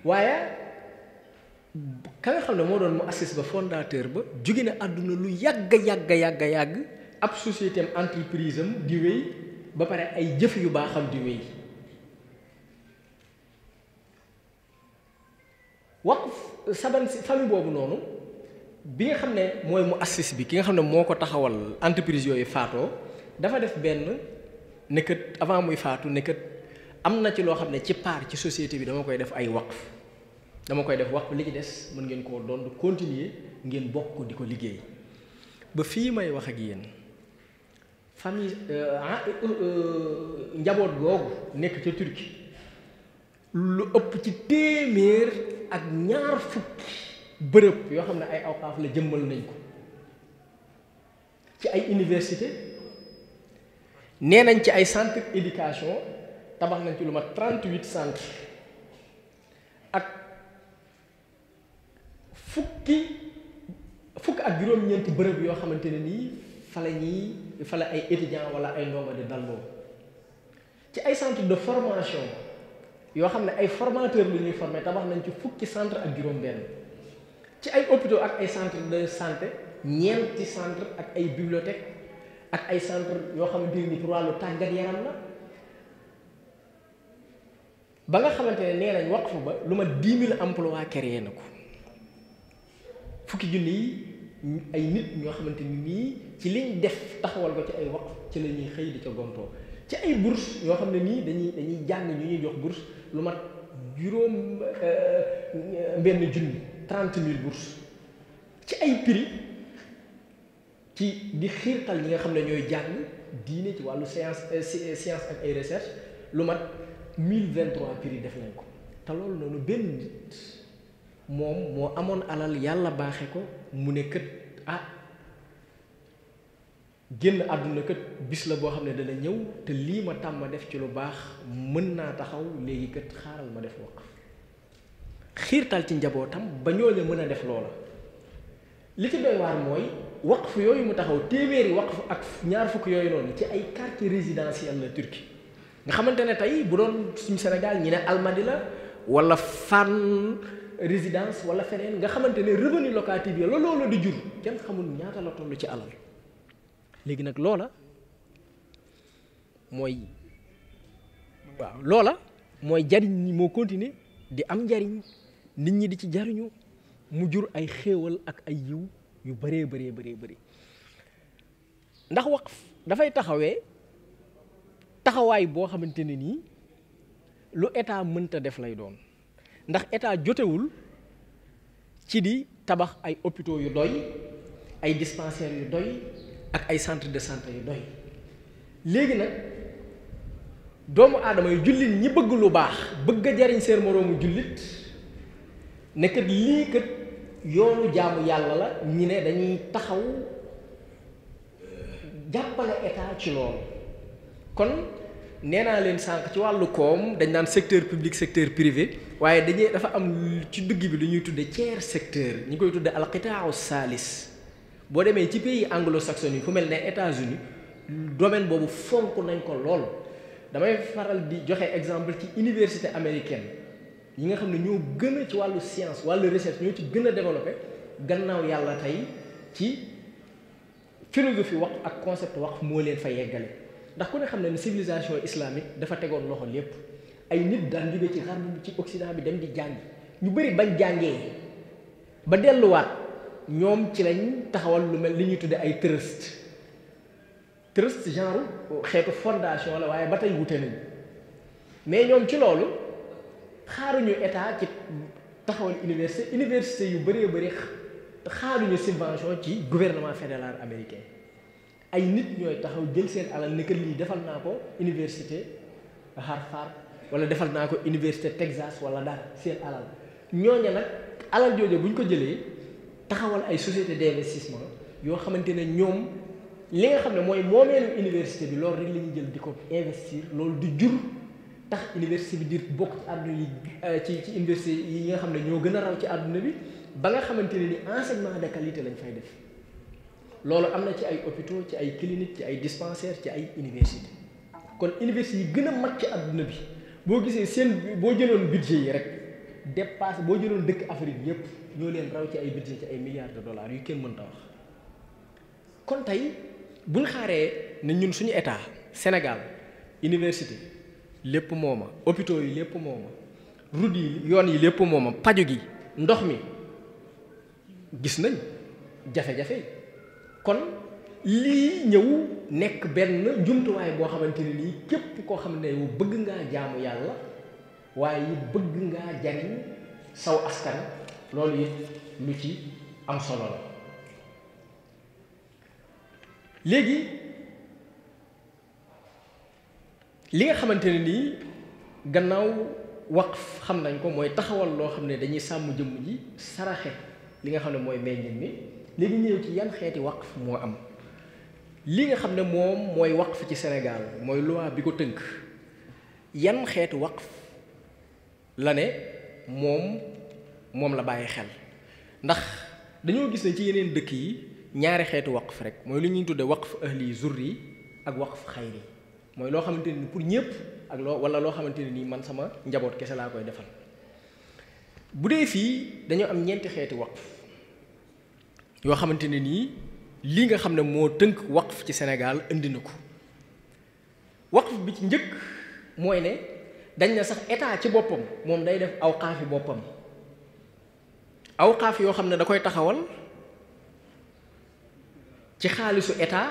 waaye ka nga xam ne moo doon mu assis ba fondateur ba jóge na àdduna lu yàgg yàgg yàgg yàgg ab société entreprise am di wéy ba pare ay jëf yu baaxam di wéy waqf saban si famille boobu noonu bi nga xam ne mooy mu assis bi ki nga xam ne moo ko taxawal entreprise yooyu faatoo dafa def benn ne avant muy faatu ne am na ci loo xam ne ci part ci société bi dama koy def ay waqf dama koy def waqf li ci des mën ngeen koo doon continuer ngeen bokk ko di ko liggéey ba fii may wax ak yéen famille euh, ah, euh, euh, njaboot googu nekk ca Turquie lu ëpp ci téeméer ak ñaar fukki bërëb yoo xam ne ay awqaaf la jëmmal nañ ko ci ay université nee nañ ci ay centre éducation tabax nañ ci lu mat 38 centre ak fukki fukk ak juróom-ñeenti bërëb yoo xamante ni nii fa la fale ay étudiants wala ay ndongo di dal ci ay centre de formation yoo xam ne ay formateurs lu ñuy former tabax nañ ci fukki centre ak juróom-benn ci ay hôpitaux ak ay centre de santé ñeenti centre ak ay bibliothèques ak ay centre yoo xamante ni pour wàllu tàggat yaram la ba nga xamante ne nee nañ fu ba lu ma dix mille emplois créé na ko fukki junni yi ay nit ñoo xamante nii ci liñ def taxawal ko ci ay waqf ci lañuy xëy di ca gontoo ci ay bourse yoo xam ne nii dañuy dañuy jàng ñu ñuy jox bourse lu mat juróom euh, euh, benn junni trente mille bourse ci ay prix ci di xiirtal yi nga xam ne ñooy jàng diine ci wàllu science euh, euh, science ak ay recherche lu mat mille vingt trois prix def nañ ko te loolu noonu benn nit moom moo amoon alal yàlla baaxe ko mu ne kët ah génn àdduna kët bis la boo xam ne dana ñëw te lii ma tàmm def ci lu baax mën naa taxaw léegi kët xaaral ma def waqf xiirtal ci njabootam ba ñooñu mën a def loola li ci doy mooy wax fu yooyu mu taxaw téeméeri waqf ak ñaar fukk yooyu noonu ci ay quartier résidentiel la Turquie nga xamante ne tey bu doon suñu Sénégal ñi ne almadila la wala Fann résidence wala feneen nga xamante ne revenu locatif yi la loola di jur kenn xamul ñaata la toll ci alal léegi nag loola mooy waaw loola mooy jariñ moo continuer di am njariñ nit ñi di ci jariñu mu jur ay xéewal ak ay yiw yu bare bare bare bare ndax waqf da fay taxawé taxaway bo xamanteni ni lu état mënta def lay doon ndax état jotewul ci di tabax ay hôpitaux yu doy ay dispensaires yu doy ak ay centre de santé yu doy légui nak doomu aadama yu jullit ñi bëgg lu baax bëgg a jariñ seen moroomu jullit ne kat kat yoonu jaamu yàlla la ñi ne dañuy taxaw euh, jàppale état ci loolu kon nee naa leen sànq ci wàllu koom dañ naan secteur public secteur privé waaye dañuy dafa am ci dugg bi lu ñuy tudde tiers secteur ñu koy tudde alqitaaru saalis boo demee ci pays anglo-saxon yi fu mel ne états uni domaine boobu fonk nañ ko lool damay faral di joxe exemple ci université américaine yi nga xam ne ñoo gën a ci wàllu science wàllu recherche ñoo ci gën a développé gannaaw yàlla tey ci philosophie wax ak concept wax moo leen fa yeggale ndax ku ne xam ne ne civilisation islamique dafa tegoon loxo lépp ay nit daan jóge ci xarb bi ci occident bi dem di jàngi ñu bëri bañ jàngee ba delluwaat ñoom ci lañ taxawal lu mel li ñuy tudde ay trust trust genre xeetu fondation la waaye ba tey wute nañ mais ñoom ci loolu xaaruñu état ci taxawal université université yu bëree bëri xaaruñu subvention ci gouvernement fédéral américain ay nit ñooy taxaw jël seen alal ne que lii defal naa ko université Harvard wala defal naa ko université Texas wala dara seen alal ñooña nag alal jooju buñ ko jëlee taxawal ay société d'investissement yoo xamante ne ñoom li nga xam ne mooy moomeelu université bi loolu rek la ñuy jël di ko investir loolu di jur. tax université bi di bokk ci àdduna yi euh, ci ci université yi nga xam ne ñoo gën a raw ci àdduna bi ba nga xamante ne ni enseignement de qualité lañu fay def loolu am na ci ay hôpitaux ci ay cliniques ci ay dispensaires ci ay université kon université yi gën a mag ci àdduna bi boo gisee seen boo jëloon budget yi rek dépassé boo jëloon dëkk Afrique yépp ñoo leen raw ci ay budget ci ay milliards de dollars yu kenn mënta wax kon tey buñ xaaree na ñun suñu état Sénégal université lépp mooma hôpitaux yi lépp mooma route yi yoon yi lépp mooma paju gi ndox mi gis nañ jafe-jafe yi kon lii ñëw nekk benn jumtuwaay boo xamante ne nii képp koo xam ne yow bëgg ngaa jaamu yàlla waaye bëgg ngaa jariñ saw askan loolu it lu ci am solo la léegi li nga xamante ne nii gannaaw waqf xam nañ ko mooy taxawal loo xam ne dañuy sàmm jëmm ji saraxe li nga xam ne mooy meññin mi léegi ñëw ci yan xeeti waqf moo am li nga xam ne moom mooy waqf ci senegal mooy loi bi ko tënk yan xeeti waqf la ne moom moom la bàyyi xel ndax dañoo gis ne ci yeneen dëkk yi ñaari xeetu waqf rek mooy lu ñuy tudde waqf ahli zurri ak waqf xayri mooy loo xamante ne ni pour ñëpp ak loo wala loo xamante ne nii man sama njaboot kese laa koy defal bu dee fii dañoo am ñeenti xeeti waqf yoo xamante ne nii lii nga xam ne moo tënk waqf ci Sénégal indi na ko waqf bi ci njëkk mooy ne dañ na sax état ci boppam moom day def aw awqaafi boppam aw awqaaf yoo xam ne da koy taxawal ci xaalisu état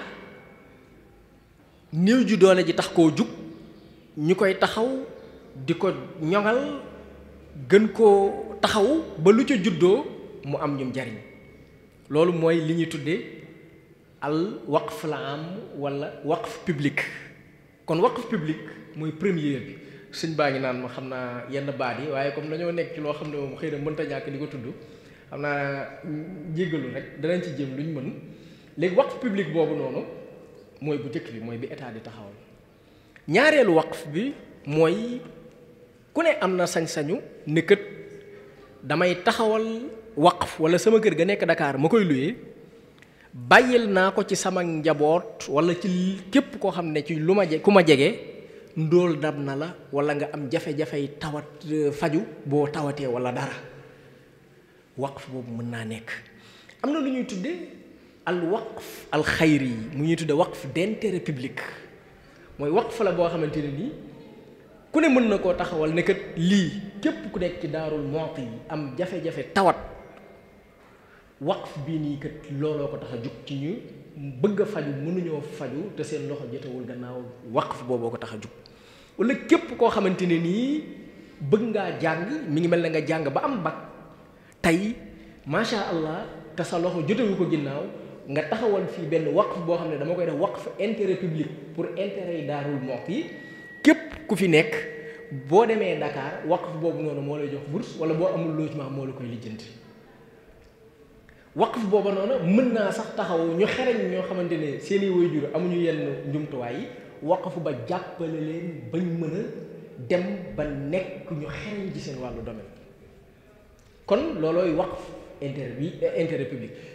New ju doole ji tax koo jug ñu koy taxaw di ko ñoŋal gën koo taxaw ba lu ca juddoo mu am ñum jariñ loolu mooy li ñuy tuddee al waqf la am wala waqf public kon waqf public mooy premier bi suñ baa ngi naan ma xam naa yenn baat yi waaye comme dañoo nekk ci loo xam ne moom xëy na mënta ñàkk di ko tudd xam naa jéggalu rek danañ ci jëm luñ mën léegi waqf public boobu noonu mooy bu njëkk bi mooy bi état di taxawal ñaareelu waqf bi mooy ku ne am na sañ-sañu ne kët damay taxawal waqf wala sama kër ga nekk Dakar ma koy luyee bàyyil naa ko ci sama njaboot wala ci képp koo xam ne ci lu ma ku ma jege ndóol dab na la wala nga am jafe-jafey tawat euh, faju boo tawatee wala dara waqf boobu mën naa nekk am na lu ñuy tuddee al waqf al khairi mu ñu tudde waqf d'intérêt public moy waqf la bo xamanteni ni ku ne mën nako taxawal ne kat li kep ku nek ci darul am jafe-jafe tawat waqf bini ni kat lolo ko tax a ci ñu bëgg a mënu ñoo faju te seen loxo jotewul gannaaw waqf booboo ko tax wala kep ko xamanteni ni bëgg nga jang mi ngi mel nga jang ba am bag tay masha allah ta sa loxo jotewu ko ginnaw nga taxawal fii benn waqf boo xam ne dama koy def waqf intérêt public pour intérêt yi Daarul Muxti képp ku fi nekk boo demee Dakar waqf boobu noonu moo lay jox bourse wala boo amul logement moo la koy lijjanti waqf booba noonu mën naa sax taxawu ñu xereñ ñoo xamante ne seeni waajur amuñu yenn njumtuwaay yi waqf ba jàppale leen bañ mën a dem ba nekk ñu xereñ ci seen wàllu domaine kon loolooy waqf intérêt bi intérêt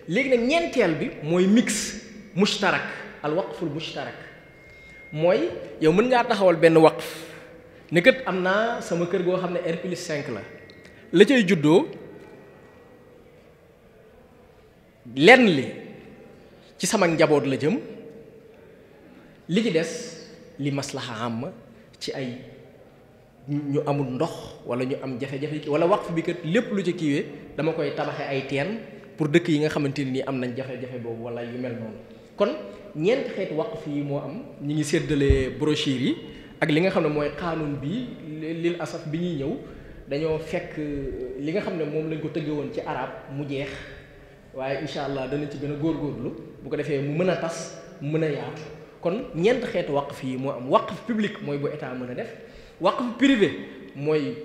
léegi nag ñeenteel bi mooy mix mushtarak al waqful mushtarak mooy yow mën ngaa taxawal benn waqf ne kat am naa sama kër goo xam ne R plus la la cay juddoo lenn li ci sama njaboot la jëm li ci des li maslaha am ci ay ñu amul ndox wala ñu am jafe-jafe wala waqf bi kat lépp lu ci kiiwee dama koy tabaxe ay teen pour dëkk yi nga xamante ni am nañ jafe-jafe boobu wala yu mel noonu kon ñeent xeetu waqf yi moo am ñi ngi séddale brochure yi ak li nga xam ne mooy xaanuun bi lil asaf bi ñuy ñëw dañoo fekk euh, li nga xam ne moom lañ ko tëggee woon ci arab mu jeex waaye incha allah danañ ci gën a góorgóorlu bu ko defee mu mën a tas mën a kon ñeent xeetu waqf yi moo am waqf public mooy bu état mën a def waqf privé mooy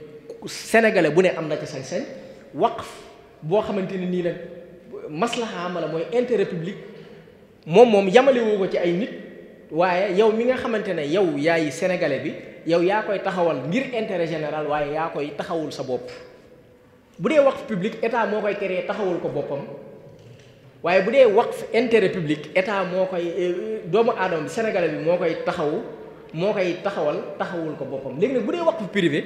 sénégalais bu ne am na ci sañ-sañ waqf boo xamante ni nii nag maslaha amala mooy intérêt public moom moom yamale woo ko ci ay nit waaye yow mi nga xamante ne yow yaay sénégalais bi yow yaa koy taxawal ngir intérêt général waaye yaa koy taxawul sa bopp bu dee waqf public état moo koy créer taxawul ko boppam waaye bu dee waqf intérêt public état moo koy euh, doomu aadama bi sénégalais bi moo koy taxawu moo koy taxawal taxawul ko boppam léegi nag bu dee waqfu privé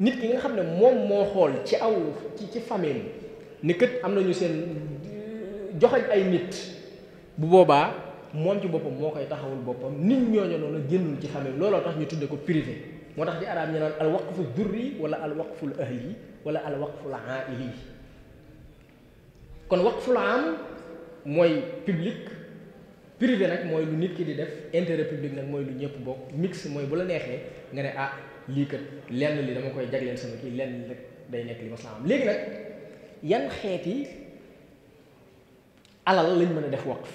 nit ki nga xam ne moom moo xool ci aw ci ci famille ni kët am nañu seen joxañ ay nit bu boobaa moom ci boppam moo koy taxawul boppam nit ñooñu noonu génnul ci famille looloo tax ñu tudde ko privé moo tax di araab ñu naan al waqfu durri wala al waqful yi wala al waqful aili kon waqful am mooy public privé nag mooy lu nit ki di def intérêt public nag mooy lu ñëpp bokk mix mooy bu la neexee nga ne ah lii kat lenn li dama koy jagleel sama kii lenn rek day nekk li ma saa am léegi nag yan xeeti alal lañ mën a def waqf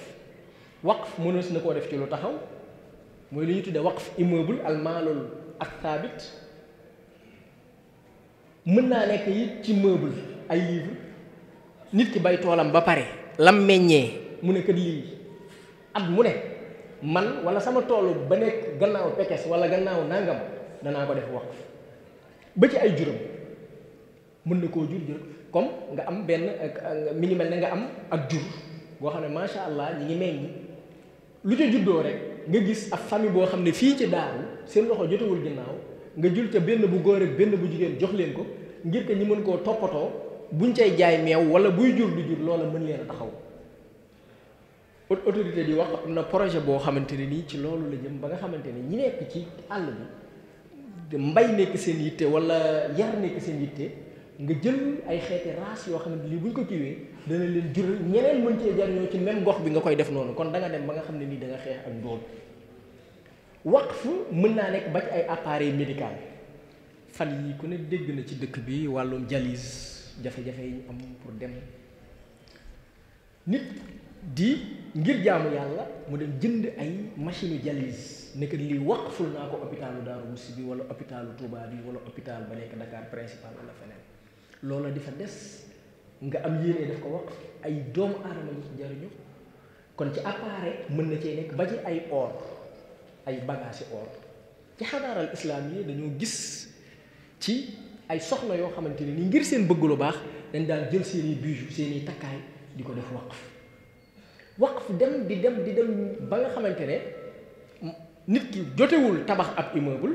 waqf si na koo def ci lu taxaw mooy li ñuy tuddee waqf immeuble almaalul ak thabit mën naa nekk it ci meuble ay livre nit ki bay toolam ba pare lam meññee mu ne kat lii at mu ne man wala sama toolu ba nekk gannaaw pekes wala gannaaw nangam danaa ko def waqf ba ci ay juróom mën na koo jur jur comme nga am benn mi ngi mel ne nga am ak jur boo xam ne macha allah ñi ngi meññ lu ca juddoo rek nga gis ak famille boo xam ne fii ci daaru seen loxo jotewul ginnaaw nga jul ca benn bu góor ak benn bu jigéen jox leen ko ngir que ñi mën koo toppatoo buñ cay jaay meew wala buy jur du jur loola mën leen a taxaw autorité di wax am na projet boo xamante ne nii ci loolu la jëm ba nga xamante ne ñi nekk ci àll bi mbay nekk seen yitte wala yar nekk seen yitte nga jël ay xeeti race yoo xamante lii bu ñu ko kiwee dana leen jural ñeneen mën cee jariñoo ci même gox bi nga koy def noonu kon da nga dem ba nga xam ne nii da nga xeex ak ndóol fu mën naa nekk ba ci ay appareil médical fan yi ku ne dégg na ci dëkk bi wàllum dialyse jafe-jafe yi am pour dem nit di ngir jaamu yàlla mu dem jënd ay machine dialyse nekk lii waqful naa ko hôpitalu Daaru Musi bi wala hôpitalu Touba bi wala hôpital ba nekk Dakar principal wala feneen loola di fa des nga am yéene daf ko waqf ay doomu aadama yi ci jariñu kon ci appare mën na cee nekk ba ci ay or ay bagage or ci xadaaral islaam yi dañoo gis ci ay soxna yoo xamante ni ngir seen bëgg lu baax dañ daan jël seen i seen i takkaay di ko def waqf wax fu dem di dem di dem ba nga xamante ne nit ki jotewul tabax ab immeuble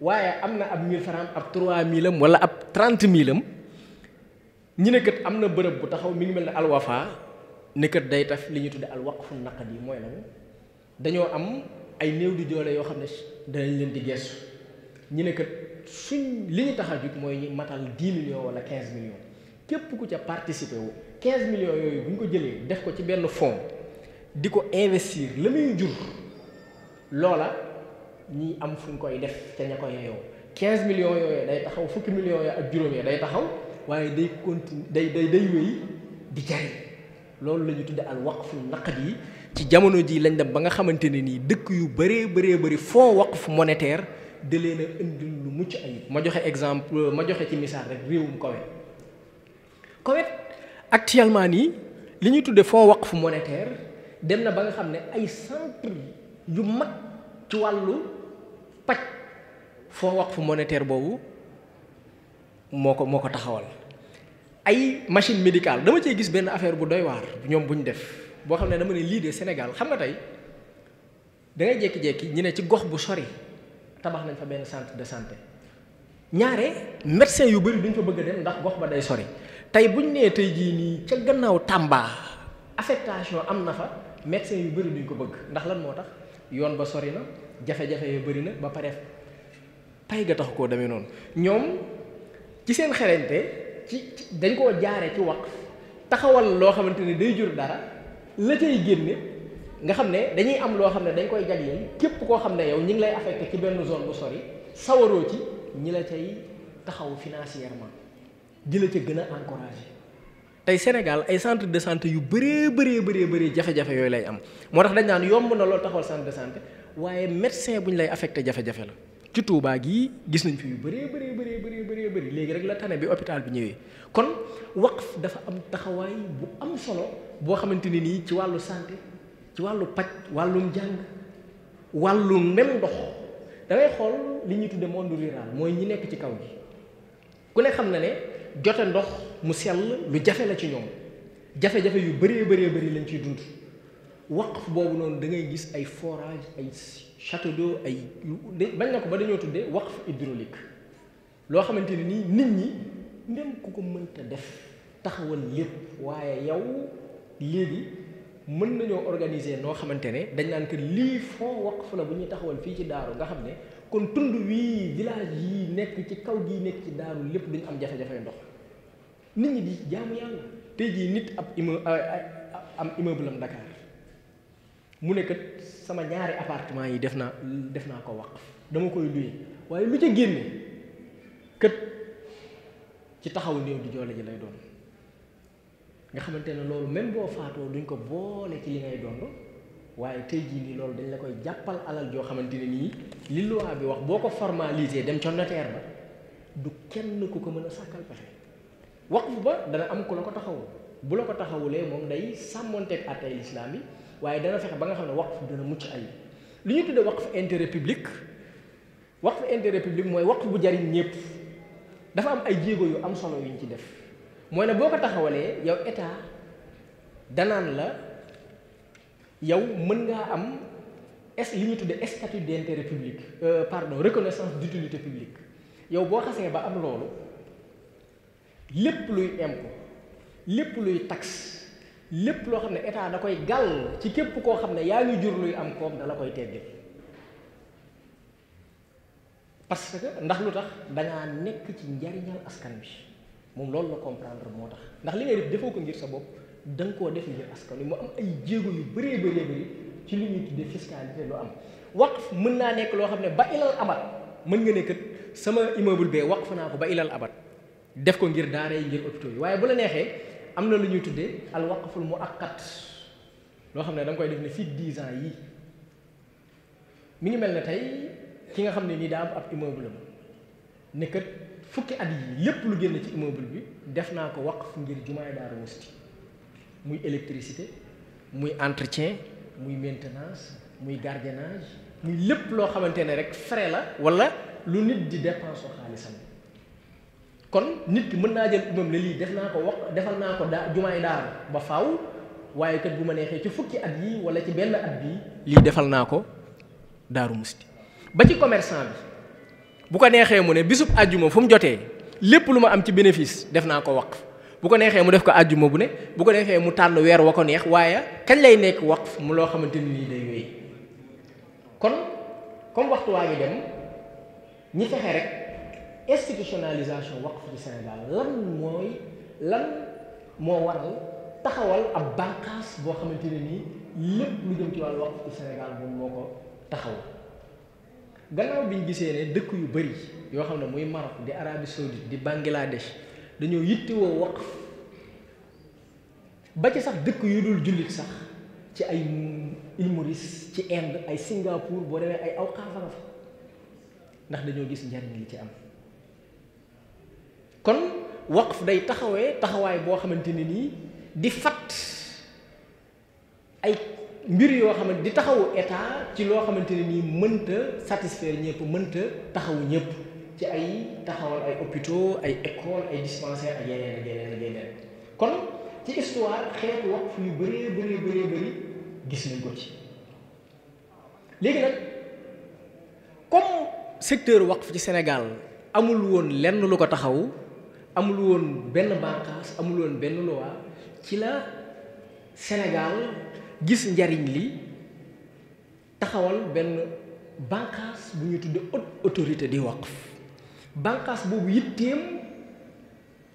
waaye am na ab 1000 francs ab 3000 am wala ab 30000 am ñu ne kat am na bërëb bu taxaw mi ngi mel ne alwafa ne kat day taf li ñu tudde al fu naqd yi mooy lan dañoo am ay néew di doole yoo xam ne danañ leen di geesu ñu ne kat suñ li ñu tax a mooy ñu matal 10 million wala quinze millions képp ku ca participer wu 15 millions yooyu bu ñu ko jëlee def ko ci benn fonds. di ko investir la jur loola ñi am fu ñu koy def ca ña koy yow 15 millions yooyu day taxaw fukki millions ak juróom ya day taxaw waaye day continue day day day wéy di jariñ loolu la ñu tudde al waqfu naqd yi ci jamono ji lañ dem ba nga xamante ne nii dëkk yu bëree bëree bëri fonds waqf monétaire da leen a indil lu mucc ayib ma joxe exemple ma joxe ci misaal rek réewum Koweït Koweït actuellement nii li ñuy tudde wax fu monétaire dem na ba nga xam ay centre yu mag ci wàllu fo wax fu monétaire bobu moko moko taxawal ay machine médicale dama cey gis ben affaire bu doy war ñom buñ def bo xam dama ne li de Sénégal xam nga tay da ngay jékki-jékki ñu ne ci gox bu sori tabax nañ fa ben centre de santé ñaare médecin yu bari duñ fa bëgg dem ndax gox ba day sori tay buñ nee tay ji ni ca gannaaw Tamba affectation am na fa médecin yu bëri duñ ko bëgg ndax lan moo tax yoon ba sori na jafe-jafe yu bëri na ba pare pay ga tax koo demee noonu ñoom ci seen xereñte ci dañ koo jaare ci waqf taxawal loo xamante ni day jur dara la cay génne nga xam ne dañuy am loo xam ne dañ koy jagleel képp koo xam ne yow ñi ngi lay affecté ci benn zone bu sori sawaroo ci ñi la cay taxaw financièrement di la ca gën a encouragé tey Sénégal ay centre de santé yu bëré bëré bëré bëré jafé jafé yoy lay am motax dañ nan yomb na lol taxawal centre de santé waaye médecin buñ lay affecté jafé jafé la ci Touba gi gis nañ fi yu bëré bëré bëré bëré bëré bëré légui rek la tané bi hôpital bi ñëwé kon waqf dafa am taxaway bu am solo bo xamanteni ni ci walu santé ci walu paj walu jang walu même dox da ngay xol li ñi tuddé monde rural moy ñi nekk ci kaw gi ku ne xam na né joté ndox mu sell lu jafe la ci ñoom jafe-jafe yu bëree bëree bëri lañ ciy dund waqf boobu noonu da ngay gis ay forage ay château d'eau ay bañ na ko ba dañoo tuddee waqf hydraulique loo xamante ne nii nit ñi ndem ku ko mënta def taxawal lépp waaye yow léegi mën nañoo organiser noo xamante ne dañ naan que lii foo waqf la bu ñuy taxawal fii ci daaru nga xam ne kon tund wii village yi nekk ci kaw gi nekk ci daaru lépp duñ am jafe-jafe ndox nit ñi di jaamu yàlla tey jii nit ab immeu am immeuble am Dakar mu ne kat sama ñaari appartement yi def naa def naa ko waqf dama koy luy waaye lu ca génne kat ci taxaw néew di joole ji lay doon nga xamante ne loolu même boo faatoo duñ ko boole ci li ngay doon waaye tey jii nii loolu dañ la koy jàppal alal joo xamante ne nii li loi bi wax boo ko dem ca notaire ba du kenn ku ko mën a sàkkal pexe Waktu ba dana am ku la ko taxaw bu la ko taxawulee moom day ak atay lislaam yi waaye dana fexe ba nga xam ne waqf dana mucc ay li ñu tudde waqf intérêt public waqf intérêt public mooy waqf bu jariñ ñëpp dafa am ay jéego yu am solo yuñ ci def mooy ne boo ko taxawalee yow état danaan la yow mën ngaa am est li ñu tuddee statut d'intérêt public euh, pardon reconnaissance d'utilité publique yow boo xasee ba am loolu lépp luy impôt lépp luy tax, lépp loo xam ne état da koy gàll ci képp koo xam ne yaa ngi jur luy am koom dala koy teggil parce que ndax lu tax dangaa nekk ci njariñal askan bi moom loolu la comprendre moo tax ndax li ngay def defoo ko ngir sa bopp da nga def ngir askan mu am ay jéego yu bëree bëree bëri ci li ñuy tuddee fiscalité lu am waqf mën naa nekk loo xam ba ilal abat mën nga ne sama immeuble bee waqf naa ko ba ilal abat def ko ngir daara yi ngir hôpitaux yi waaye bu la neexee am na lu ñuy tuddee al waqful muaqqat loo xam ne da koy def ne fii dix ans yii mi ngi mel ne tey ki nga xam ne nii daa am ab immeuble ma ne kat fukki at yi lépp lu génn ci immeuble bi def naa ko waqf ngir jumaay Daaru Musti muy électricité muy entretien muy maintenance muy gardiennage muy lépp loo xamante ne rek frais la wala lu nit di dépense xaalisam kon nit ki mën naa jël umam ne lii def naa ko wax defal naa ko daa jumaay daaru ba faaw waaye kat bu ma neexee ci fukki at yi wala ci benn at bii lii defal naa ko daaru musti ba ci commercant bi bu ko neexee mu ne bisub àjjuma fu mu jotee lépp lu ma am ci bénéfice def naa ko waqf bu ko neexee mu def ko àjjuma bu ne bu ko neexee mu tànn weer wa ko neex waaye kañ lay nekk wax mu loo xamante ni lii day wéy kon comme waxtu waa ngi dem ñi fexe rek institutionnalisation waqf du Sénégal lan mooy lan moo waral taxawal ab bànqaas boo xamante ne nii lépp lu jëm ci wàllu waqf du Sénégal moom moo ko taxawal gannaaw bi gisee ne dëkk yu bari yoo xam ne muy Maroc di Arabie Saoudite di Bangladesh dañoo yittewoo waqf ba ci sax dëkk yu dul jullit sax ci ay îles ci Inde ay Singapour boo demee ay awqaaf fa ndax dañoo gis njariñ li ci am kon waqf day taxawé taxaway bo xamanteni ni di fat ay mbir yo xamanteni di taxawu état ci lo xamanteni ni meunta satisfaire ñepp meunta taxawu ñepp ci ay taxawal ay hôpitaux ay école ay dispensaire ay yeneen ak yeneen ak yeneen kon ci histoire xéet waqf yu bëré bëré bëré bëri gis nañ ko ci légui nak comme secteur waqf ci Sénégal amul won lenn lu ko taxawu amul won ben bankas amul won ben loi ci la senegal gis njariñ li taxawal ben bankas bu ñu tudde autorité di waqf bankas bu yittem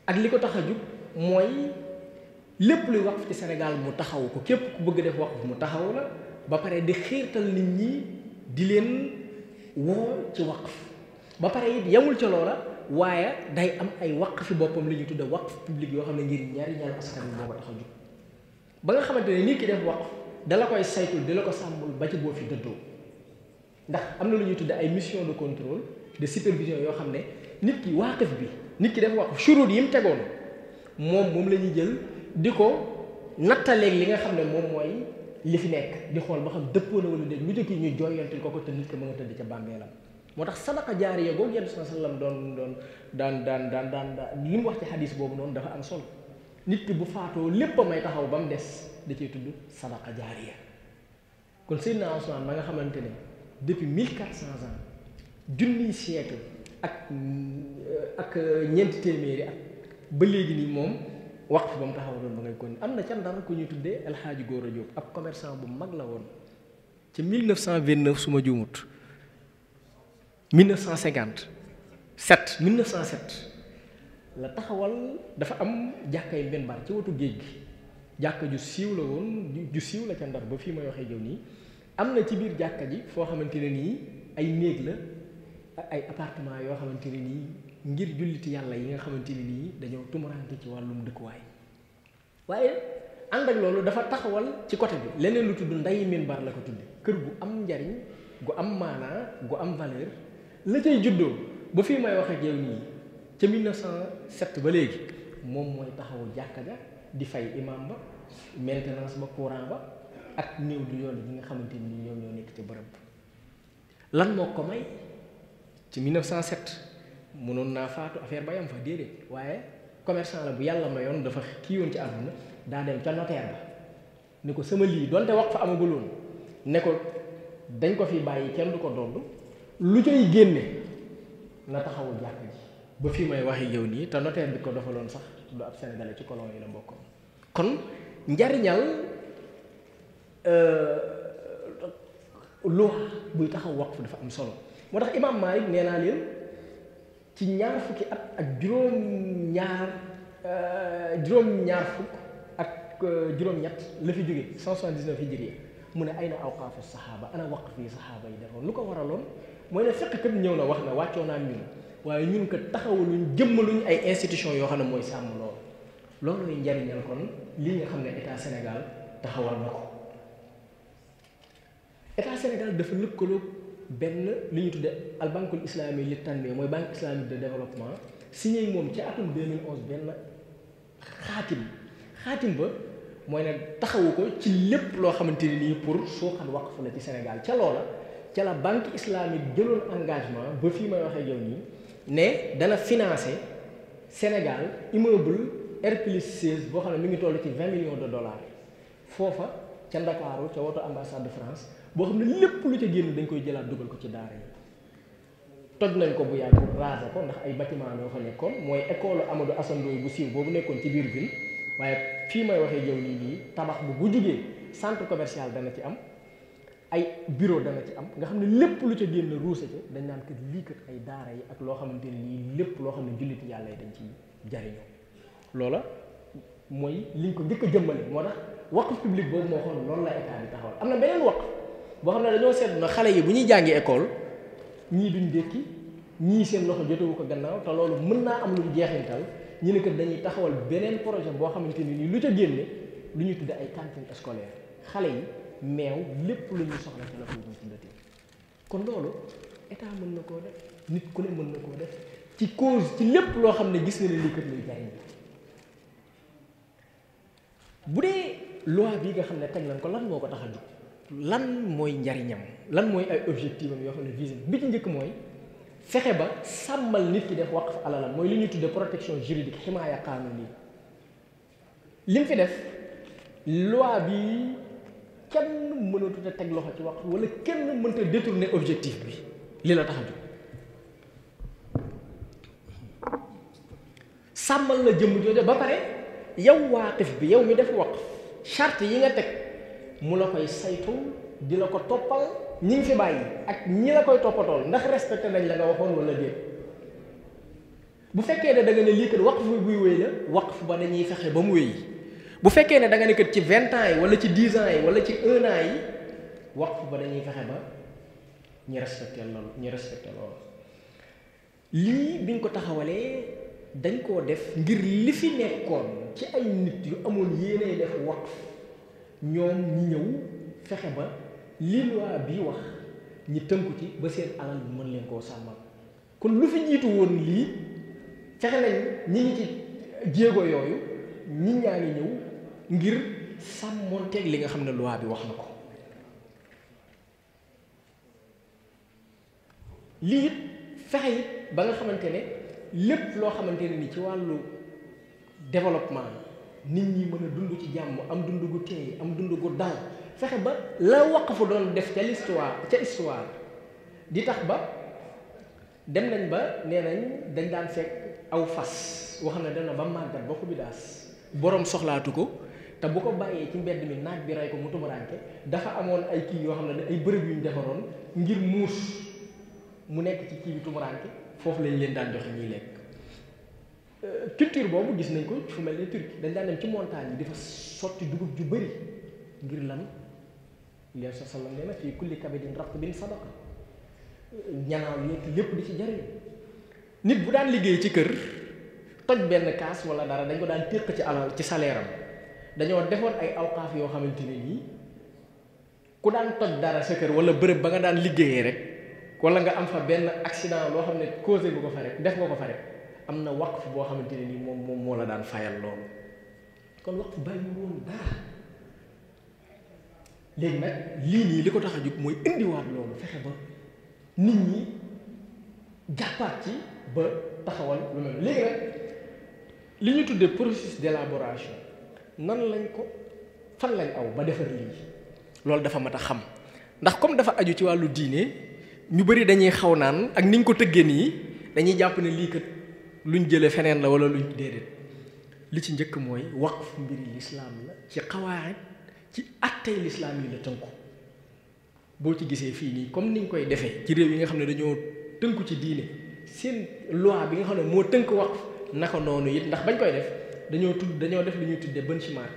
ak liko taxaju moy lepp jug luy waqf ci senegal mu taxaw ko kep ku bëgg def waqf mu taxaw la ba paré di nit ñi di len wo ci waqf ba paré yamul ci lola waaye day am ay waq fi boppam la ñuy tudde waqf public yoo xam ne ngir ñaari ñaari askan wi moo ko tax a jóg ba nga xamante ne nit ki def waqf dala koy saytul dala ko sàmbul ba ci boo fi dëddoo ndax am na lu ñuy tudde ay mission de contrôle de supervision yoo xam ne nit ki waaqif bi nit ki def waqf churut yi mu tegoon moom moom la ñuy jël di ko nattaleeg li nga xam ne moom mooy li fi nekk di xool ba xam dëppoo na wala déet lu jëkki ñu jooyantil ko ko te nit ki mën a tëdd ca moo tax sadaqa jaariya googu yenn saa sallam doon doon daan daan daan daan daan li mu wax ci xadis boobu noonu dafa am sol nit ki bu faatoo lépp may taxaw ba mu des da ciy tudd sadaqa jaariya kon Seydina Ousmane ma nga xamante ne depuis mille quatre cent ans junniy siècle ak euh, ak euh, ñeenti téeméeri at ba léegi nii moom waqf ba mu taxaw doon ba ngay kon am na ca Ndar ku ñuy tuddee El Hadj a Diop ab commerçant bu mag la woon ci 1929 su ma juumut 1950 7 1907 la taxawal dafa am jàkkay benn baar ci wetu géej gi jàkka ju siiw la woon ju siiw la ca Ndar ba fii may waxee jëw nii am na ci biir jàkka ji foo xamante ne nii ay néeg la ay appartement yoo xamante ne nii ngir julliti yàlla yi nga xamante ne nii dañoo tumurante ci wàllum dëkkuwaay waaye ànd ak loolu dafa taxawal ci côté bi leneen lu tudd nday minbar la ko tudd kër gu am njariñ gu am maanaa gu am valeur la cay juddoo fii may wax ak yow nii ca 1907 ba léegi moom mooy taxawu jàkka ja di fay imam ba maintenance ba courant ba ak néew du yoon bi nga xamante ni ñoom ñoo nekk ci bërëb lan moo ko may ci 1907 mënoon naa faatu affaire ba yam fa déedéet waaye commerçant la bu yàlla mayoon dafa kii woon ci àdduna daa dem ca notaire ba ne ko sama lii doonte wax fa amaguloon ne ko dañ ko fi bàyyi kenn du ko dodd lu cay génne na taxawu jàkk ji ba fii may waxe yow nii te notaire bi ko defaloon sax du ab sénégalais ci colon yi la mbokkoon kon njariñal euh, lu buy taxaw waqf dafa am solo moo tax imaam Maalik nee naa leen ci ñaar fukki at ak juróom-ñaar euh, juróom-ñaar fukk ak euh, juróom-ñett la fi jóge 179 hijri mu ne ay na awqaafu saxaaba ana waqf yi saxaaba yi defoon lu ko waraloon mooy ne fekk kat ñëw na wax na wàccoo naa ñun waaye ñun kat taxawaluñ jëmmaluñ ay institution yoo xam ne mooy sàmm loolu loolu luy njariñal kon lii nga xam ne état senegal taxawal na ko état Sénégal dafa lëkkaloo benn li ñu tudde al bankul islami li tanmi mooy banque islamique de développement signé moom ci atum 2011 benn xaatim xaatim ba mooy na taxawu ko ci lépp loo xamante ni nii pour soo xam waqfu la ci Sénégal ca loola ca la banque islamique jëloon engagement ba fii may waxee yow nii ne dana financer Sénégal immeuble R plus boo xam ne mi ngi toll ci 20 millions de dollars foofa ca Ndakaaru ca woto ambassade de France boo xam ne lépp lu ca génn dañ koy jëlaat dugal ko ci daara yi toj nañ ko bu yàgg pour raser ko ndax ay bâtiment yoo fa nekkoon mooy école Amadou Assane bu siiw boobu nekkoon ci biir ville waaye fii may waxee yow nii nii tabax bu bu jugee centre commercial dana ci am. ay bureau da nga ci am nga xamne lepp lu ci genn rousé ci dañ nan ke li ke ay daara yi ak lo xamanteni ne lepp lo xamne julit ne jullit yi dañ ci jariño lola moy li ko njëkk a mo tax waqf public bo mo xon lool la état bi taxawal amna benen beneen waqf boo xam ne dañoo na xalé yi bu ñuy jàngé école ñi duñ dékki ñi seen loxo jotewu ko gannaaw ta loolu mën naa am lu jeexintal ñi ne ke dañuy taxawal benen projet bo xamanteni ni lu ci genn lu ñuy tudde ay cantine scolaire xalé yi meew lépp lu ñu soxla ci la ko ñu tuddati kon loolu état mën na koo def nit ku ne mën na koo def ci cause ci lépp loo xam ne gis nga ne lii kat lay jariñ bu dee loi bi nga xam ne teg nañ ko lan moo ko tax a jóg lan mooy njariñam lan mooy ay objectif am yoo xam ne visé bi ci njëkk mooy fexe ba sàmmal nit ki def waqf alalam mooy li ñuy tuddee protection juridique ximaaya qaanuni li mu fi def loi bi kenn mënatut a teg loxo ci wax wala kenn mënta détourner objectif bi li la tax a sàmmal la jëmm jooju ba pare yow waaqif bi yow mi def waqf charte yi nga teg mu la koy saytu di la ko toppal ñi ngi fi bàyyi ak ñi la koy toppatool ndax respecté nañ la nga waxoon wala déet bu fekkee ne da nga ne lii kat waqf buy wéy la waqf ba dañuy fexe ba mu wéy bu fekkee ne da nga nekkat ci vingt ans yi wala ci dix ans yi wala ci un an yi waqf ba dañuy fexe ba ñu respecté loolu ñu respecté loolu lii bi ñu ko taxawalee dañ koo def ngir li fi nekkoon ci ay nit yu amoon yéenay def waqf ñoom ñi ñëw fexe ba li loi bi wax ñi tënku ci ba seen alal bi mën leen koo sàmmal kon lu fi jiitu woon lii fexe nañ ñi ngi ci jéego yooyu nit ñaa ngi ñëw ngir sàmmoonteeg li nga xam ne loi wax na ko lii it fexe it ba nga xamante ne lépp loo xamante ne ni ci wàllu développement nit ñi mën a dund ci jàmm am dund gu teey am dund gu dal fexe ba la wax waqfu doon def ca l'histoire ca histoire di tax ba dem nañ ba nee nañ dañ daan fekk aw fas wax na dana ba màggat ba ko bi boroom soxlaatu ko ta bu ko bàyyee ci mbedd mi naaj bi ray ko mu tumuranke dafa amoon ay kii yoo xam ne ay bërëb yu ñu defaroon ngir muus mu nekk ci kii bi tumuranke foofu lañ leen daan joxe ñuy lekk euh, culture boobu gis nañ ko fu mel ne turki dañ daan dem ci montagne yi dafa sotti dugub ju bëri ngir lan leer sa salam nee na kulli kabidin bin sadaqa ñanaaw lekk lépp di ci jariñ nit bu daan liggéey ci kër toj benn kaas wala dara dañ ko daan téq ci alal ci salaire dañoo defoon ay awqaaf yoo xamante ne nii ku daan toj dara sa kër wala bërëb ba nga daan liggéeyee rek wala nga am fa benn accident loo xam ne causé nga ko fa rek def nga ko fa rek am na waqf boo xamante ne nii moom moom moo la daan fayal loolu kon waqf bàyyi woon dara léegi nag lii nii li ko tax a jóg mooy indiwaat loolu fexe ba nit ñi jàppaat ci ba taxawal lu mel léegi nag li ñu tuddee processus d'élaboration nan lañ ko fan lañ aw ba defar lii loolu dafa mat a xam ndax comme dafa aju ci wàllu diine ñu bëri dañuy xaw naan ak niñ ko tëggee nii dañuy jàpp ne lii kat luñ jëlee feneen la wala luñ déedéet li ci njëkk mooy waqf mbiri lislaam la ci xawaarij ci attey lislaam yi la tënku boo ci gisee fii nii comme niñ koy defee ci réew yi nga xam ne dañoo tënku ci diine seen loi bi nga xam ne moo tënk waqf naka noonu it ndax bañ koy def dañoo tudd dañoo def li ñuy tuddee benchmark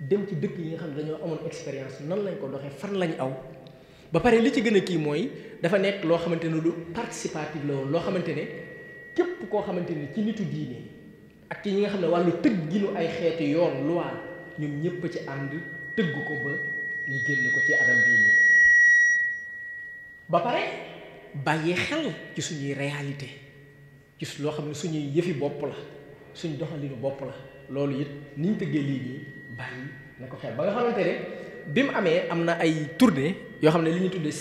dem ci dëkk yi nga xam ne dañoo amoon expérience nan lañ ko doxee fan lañ aw ba pare li ci gën a kii mooy dafa nekk loo xamante ne lu participatif la woon loo xamante ne képp koo xamante ne ci nitu diine ak ci ñi nga xam ne wàllu tëgg gi nu ay xeeti yoon loi ñoom ñëpp ci ànd tëgg ko ba ñu génn ko ci anam diine ba pare bàyyi xel ci suñuy réalité ci loo xam ne suñuy yëfi bopp la suñ doxalinu bopp la loolu it niñ tëggee lii nii bàyyi na ko xel ba nga xamante ne bi mu amee am na ay tournée yoo xam ne li ñu tuddee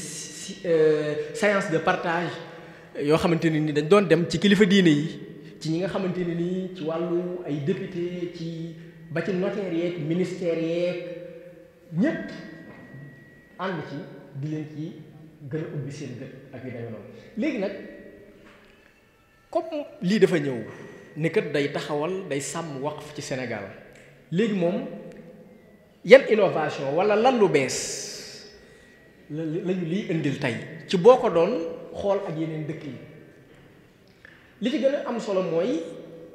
science euh, de partage yoo xamante ne ni dañ doon dem ci kilifa diine yi ci ñi nga xamante ne nii ci wàllu ay député ci ba ci notaire yeeg ministère yeeg ñëpp ànd ci di leen ci gën a ubbi seen gët ak yu demee noonu léegi nag comme lii dafa ñëw ne kat day taxawal day sàmm waqf ci senegal léegi moom yan innovation wala lan lu bees la lañu liy indil tey ci boo ko doon xool ak yeneen dëkk yi li ci gën a am solo mooy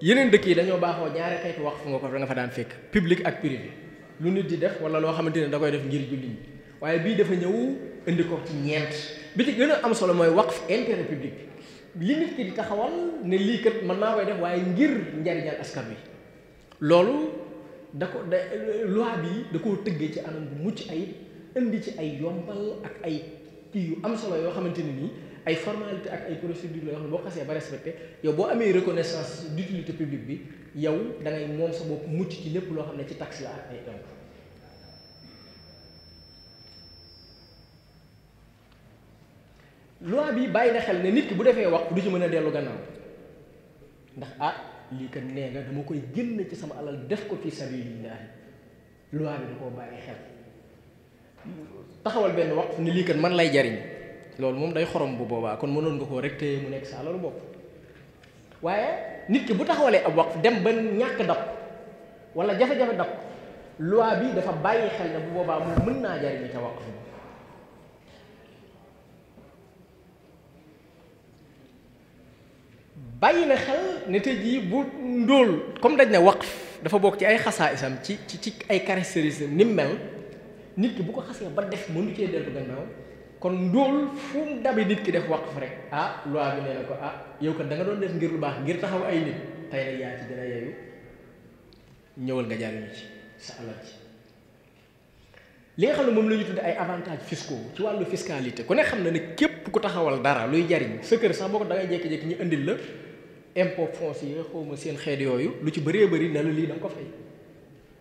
yeneen dëkk yi dañoo baaxoo ñaari xeetu waqf nga ko da nga fa daan fekk public ak privé lu nit di def wala loo xamante ne da koy def ngir julli ñi waaye bii dafa ñëw indi ko ci ñeent bi ci gën a am solo mooy waqf intérêt public li ki di taxawal ne lii kat mën naa koy def waaye ngir njariñal askan wi loolu da ko da loi bi da koo tëggee ci anam bu mucc ay indi ci ay yombal ak ay kii yu am solo yoo xamante ni nii ay formalité ak ay procédure la yoo xam ne boo xasee ba respecté yow boo amee reconnaissance d'utilité publique bi yow da ngay moom sa bopp mucc ci lépp loo xam ne ci taxe la ak ay impôt loi bi bàyyi na xel ne nit ki bu defee wax du ci mën a dellu gannaaw ndax ah lii kat nee nga dama koy génn ci sama alal def ko fi sabilillah loi bi da koo bàyyi xel taxawal benn waxtu ne lii kat man lay jariñ loolu moom day xorom bu boobaa kon mënoon nga koo rek téye mu nekk sa alalu bopp waaye nit ki bu taxawalee ab waxtu dem ba ñàkk dab wala jafe-jafe dab loi bi dafa bàyyi xel ne bu boobaa moom mën naa jariñ ca waxtu bàyyi na xel ne tey jii bu ndóol comme dañ ne waqf dafa bokk ci ay xasaayisam ci ci ci ay caractéristiques ni mel nit ki bu ko xasee ba def mënu cee dellu gannaaw kon ndóol fu mu dabi nit ki def waqf rek ah loi bi nee na ko ah yow kat da nga doon def ngir lu baax ngir taxaw ay nit tey nag yaa ci dina yeyu ñëwal nga jariñu ci sa alal ci li nga xam ne moom la ñu tudde ay avantage fiscaux ci wàllu fiscalité ku ne xam na ne képp ku taxawal dara luy jariñ sa kër sax boo ko da ngay jékki-jékki ñu indil la impôt foncier xaw ma seen xeet yooyu lu ci bëree bëri ne la lii da ko fey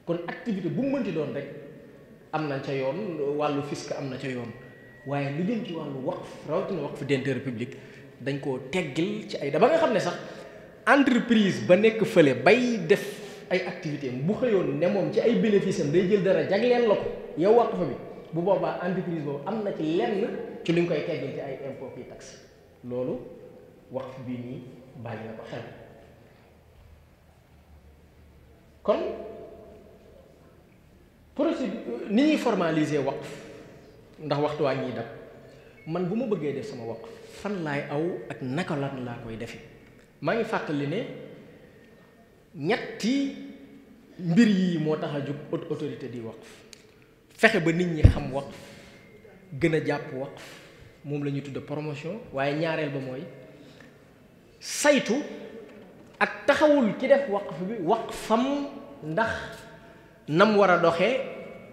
kon activité bu mu mënti doon rek am na ca yoon wàllu fisc am na ca yoon waaye lu jëm ci wàllu waqf rawatina waqf d'intérêt public dañ koo teggil ci ay da ba nga xam ne sax entreprise ba nekk fële bay def ay activité bu xëyoon ne moom ci ay bénéfice day jël dara jagleel la ko yow waqf bi bu boobaa entreprise boobu am na ci lenn ci luñ koy teggil ci ay impôt yi taxe loolu waqf bàyyi na ko xel kon procédure ni ñuy formaliser waqf ndax waxtu waxtuwaa ñiy dab man bu ma bëggee def sama waqf fan laay aw ak naka lan laa koy defe maa ngi fàttali ne ñetti mbir yii moo tax a jóg autorité di wax fexe ba nit ñi xam waqf gën a jàpp waqf moom la ñuy tudde promotion waaye ñaareel ba mooy saytu ak taxawul ci def waqf bi waqfam ndax nam war a doxee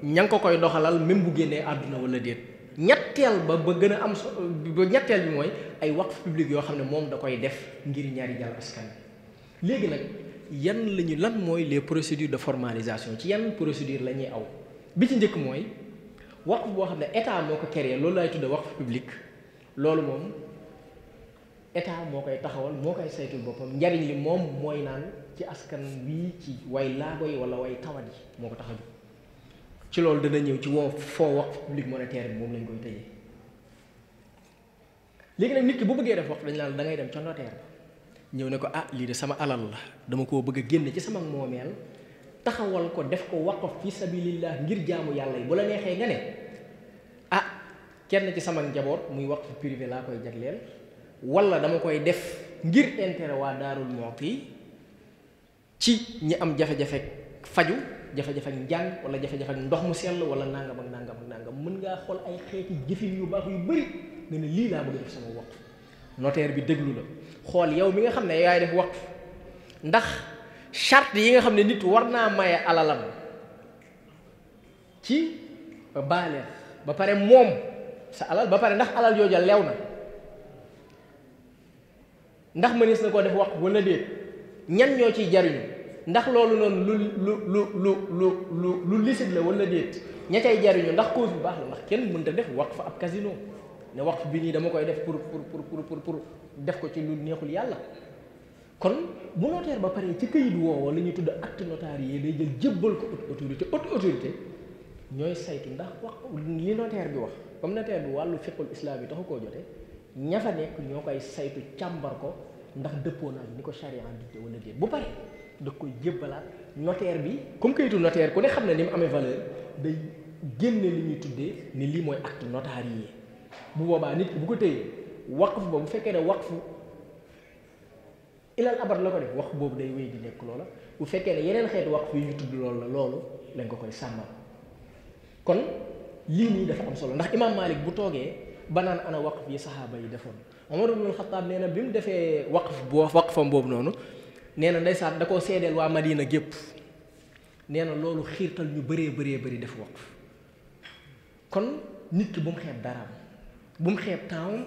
ña ngi ko koy doxalal même bu génnee àdduna wala déet ñetteel ba ba gën a am so ba ñetteel bi mooy ay waqf public yoo xam ne moom da koy def ngir ñaari jàll léegi nag yan la lan mooy les procédures de formalisation ci yan procédure la ñuy aw bi ci njëkk mooy waqf boo xam ne état moo ko créé loolu laay tudde waqf public loolu moom état moo koy taxawal moo koy saytul boppam njariñ li moom mooy naan ci askan wii ci way laago yi wala way tawat yi moo ko tax a jóg ci loolu dana ñëw ci woo foo wax public bi moom lañ koy tëjee léegi nag nit ki bu bëggee def wax dañ naan da dem ca ñëw ne ko ah lii de sama alal la dama koo bëgg a ci sama moomeel taxawal ko def ko waqf fi sabilillah ngir jaamu yàlla yi bu la neexee nga ne ah kenn ci sama njaboot muy waqf privé laa koy jagleel wala dama koy def ngir intérêt wa darul mooti ci ñi am jafe-jafe faju jafe-jafe njàng wala jafe-jafe ndox mu sel wala nangam ak nangam ak nangam mën nga xol ay xeeti jëfin yu baax yu bari né ne lii bëgg def sama waqf notaire bi déglu la xol yow mi nga xamné yaay def waqf ndax charte yi nga xamné nit war maye alalam ci ba ba paré mom sa alal ba paré ndax alal jojal lewna na ndax mënees na koo def wax wala déet ñan ñoo ciy jariñu ndax loolu noonu lu lu lu lu lu lu lu licite la wala déet ña jariñu ndax koo bu baax la ndax kenn mënta def fa ab casino ne wax bi nii dama koy def pour pour pour pour pour def ko ci lu neexul yàlla kon bu notaire ba paree ci këyit woowoo la ñuy tudd acte notarié day jël jébbal ko autorité auto autorité ñooy saytu ndax wax li notaire bi wax comme notaire bi wàllu fiqul islam yi taxu koo jotee ña fa nekk ñoo koy saytu càmbar ko ndax dëppoo naa ni ko charia dicté wala déet bu pare da koy jébbalaat notaire bi comme kayitu notaire ku ne xam ne ni mu amee valeur day génne li ñuy tuddee ni lii mooy acte notarié bu boobaa nit ki bu ko téyee waqf ba bu fekkee ne waqfu ilal abad la ko def waqf boobu day wéy di nekk loola bu fekkee ne yeneen xeetu waqf yi ñu tudd loolu la loolu lañ ko koy sàmmal kon lii nii dafa am solo ndax imaam Malik bu toogee ba naan ana waqf yi saxaaba yi defoon Omar ibnul Xataab nee na bi mu defee waqf boo waqfam boobu noonu nee na ndeysaan da koo seedeel waa Madina gépp nee na loolu xiirtal ñu bëree bëree bëri def waqf kon nit ki bu mu xeeb daraam bu mu xeeb taawam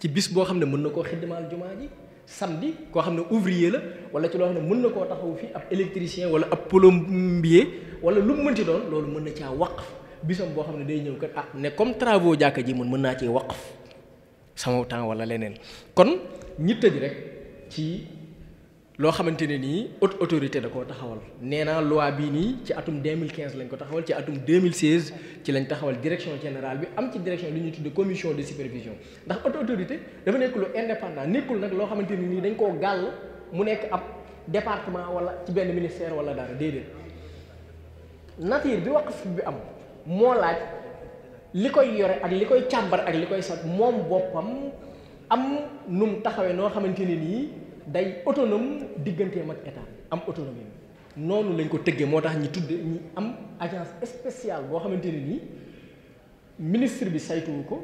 ci bis boo xam ne mën na koo xiddimaal jumaa ji samedi koo xam ne ouvrier la wala ci loo xam ne mën na koo taxaw fii ab électricien wala ab plombier wala lu mu mënti doon loolu mën na caa waqf bisam boo xam ne day ñëw kat ah ne comme travaux jàkka ji man mën naa cee waqf sama temps wala leneen kon ñi tëj rek ci loo xamante ne nii haute autorité da koo taxawal nee naa bii nii ci atum 2015 lañ ko taxawal ci atum 2016 ci lañ taxawal direction générale am ci direction li ñuy tudde commission de supervision ndax haute autorité dafa nekk lu indépendant nekkul nag loo xamante ni nii dañ koo gàll mu nekk ab département wala ci benn ministère wala dara déedéet nature bi waqf bi am. moo laaj li koy yore ak li koy càmbar ak li koy sot moom boppam am num taxawee noo xamante ne nii day autonome digganteem ak état am autonomie noonu lañ ko tëggee moo tax ñi tudd ñi am agence spéciale boo xamante ne nii ministre bi saytuwu ko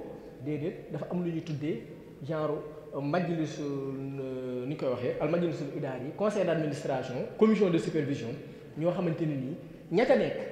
déedéet dafa am lu ñuy tuddee genre euh, majlisul euh, ni koy waxee al majlisul idaar yi conseil d' administration commission de supervision ñoo xamante ni nii ña ca nekk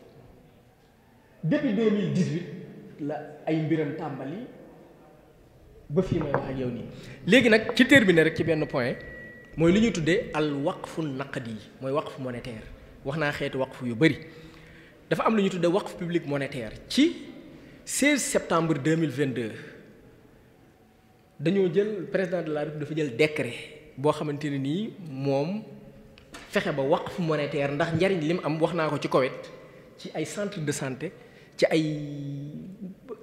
depuis 2018 la ay mbiram tàmbali ba fii may wax ak yow nii léegi nag ci terminer rek ci benn point mooy li ñuy tuddee al waqfu naqdi yi waqf monétaire wax naa xeetu waqf yu bëri dafa am lu ñuy tuddee waqf public monétaire ci 16 septembre 2022 dañu jël président de la République dafa jël décret bo xamante ni mom fexé ba waqf monétaire ndax njariñ lim am waxna ko ci Koweït ci ay centre de santé ci ay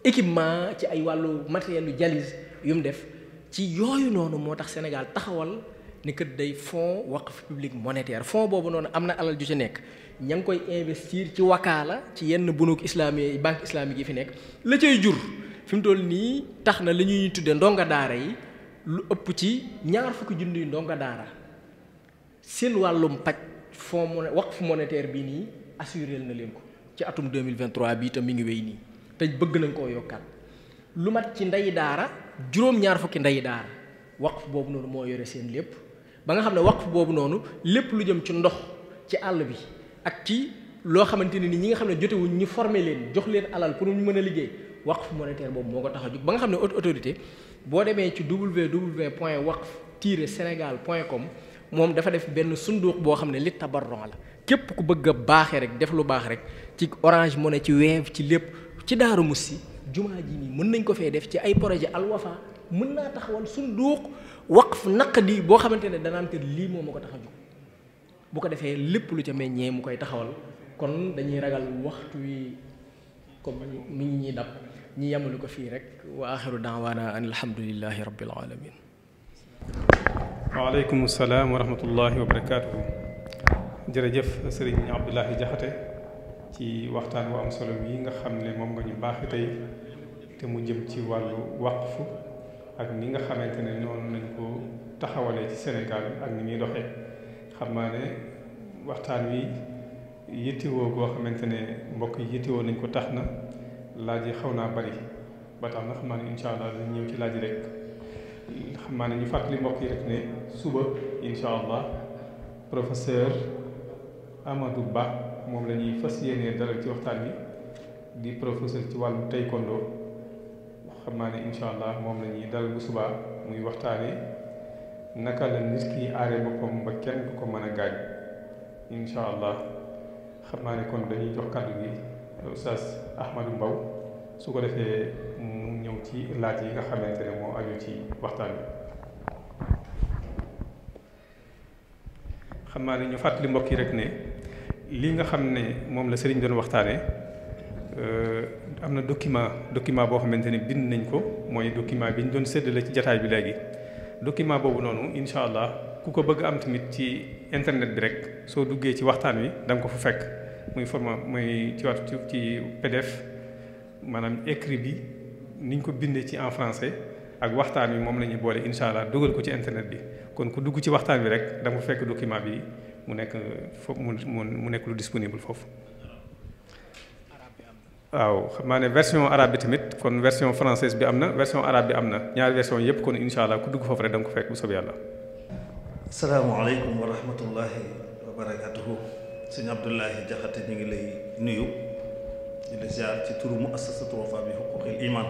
équipement ci ay walu matériel yu jalis def ci yoyu nonu motax Sénégal taxawal ni kat day fond waqf public monétaire fond bobu Nyangkoi amna alal ju ci nek ñang koy investir ci wakala ci yenn bunuk islami banque islamique yi fi nek la cey jur fim tol ni taxna tax na li ñuy tuddee ndonga daara yi lu upp ci ñaar fukk jundu ndonga daara seen walum fond waqf monétaire bi ni assurer na leen ko ci atum 2023 bii te mi ngi wéy nii te bëgg nañ koo yokkaat lu mat ci ndey daara juróom-ñaar fukki ndey daara waqf boobu noonu moo yore seen lépp ba nga xam ne waqf boobu noonu lépp lu jëm ci ndox ci àll bi ak ci loo xamante ne ni ñi nga xam ne jotewuñ ñu former leen jox leen alal pour ñu mën a liggéey wax waqf monétaire boobu moo ko tax a jóg ba nga xam ne autorité boo demee ci www point waqf tiret sénégal point com moom dafa def benn sunduk boo xam ne li tabarron la képp ku bëgg a rek def lu baax rek ci orange mu ne ci weev ci lépp ci daaru musi si jumaa ji nii mën nañ ko fee def ci ay projet alwafa mën naa taxawal sunduk waqf naqdi boo xamante ne danaan te lii moom ma ko tax tahwal. bu ko defee lépp lu ca meññee mu koy taxawal kon dañuy ragal waxtu wi comme mi ñi ñuy dab ñi yamalu ko fii rek wa axiru daawaana alhamdulillahi rabbil alamin وعليكم السلام ورحمة الله وبركاته جرجف سرين عبد الله جهته في وقتان وام سلوين خمل ممغن باختي تمو جم تي والو وقف اك نيغا خمانتني نون نكو تخاولي سي سنغال اك ني دوخي خماني وقتان وي يتي وو غو خمانتني مبوك يتي وو نكو تخنا لاجي خونا بري باتام نخمان ان شاء الله نيو لاجي ريك xamane ñu fàttali mbokk yi rek ne suba incha allah professeur Amadou Ba moom la ñuy fas yéenee dalal ci waxtaan bi di professeur ci wàllu taekwondo xam naa ne incha allah moom la ñuy dalal bu suba muy waxtaanee naka la nit ki aaree boppam ba kenn du ko mën a gaañ incha allah xam kon dañuy jox kàddu gi Oustaz Ahmadou Mbaw su ko defee ci laat yi nga xamante ne moo aju ci waxtaan bi xam naa ne ñu fàttali mbokk yi rek ne lii nga xam ne moom la sëriñ doon waxtaanee euh, am na document document boo xamante ne bind nañ ko mooy document bi ñu doon séddale ci jataay bi léegi document boobu noonu incha allah ku ko bëgg am tamit ci internet bi rek soo duggee ci waxtaan wi da ko fu fekk muy forma muy ci wàllu ci PDF maanaam écrit bi. niñ ko bindé ci en français ak waxtaan wi mom lañu bolé inshallah incha ko ci internet bi kon ku dugg ci waxtaan bi rek da nga fekk document bi mu nek foofu mu nek lu disponible fofu aw xamane version arab bi tamit kon version française bi amna version arab bi amna ñaar version yëpp kon inshallah ku dugg fofu rek da nga ko fekk bu soobee yàlla. assalamu alaykum wa rahmatullahi wa barakatuh seigne abdullah Jaxate ñi ngi lay nuyu di la ziar ci turu muassasatu Wafa bi xuquqil iman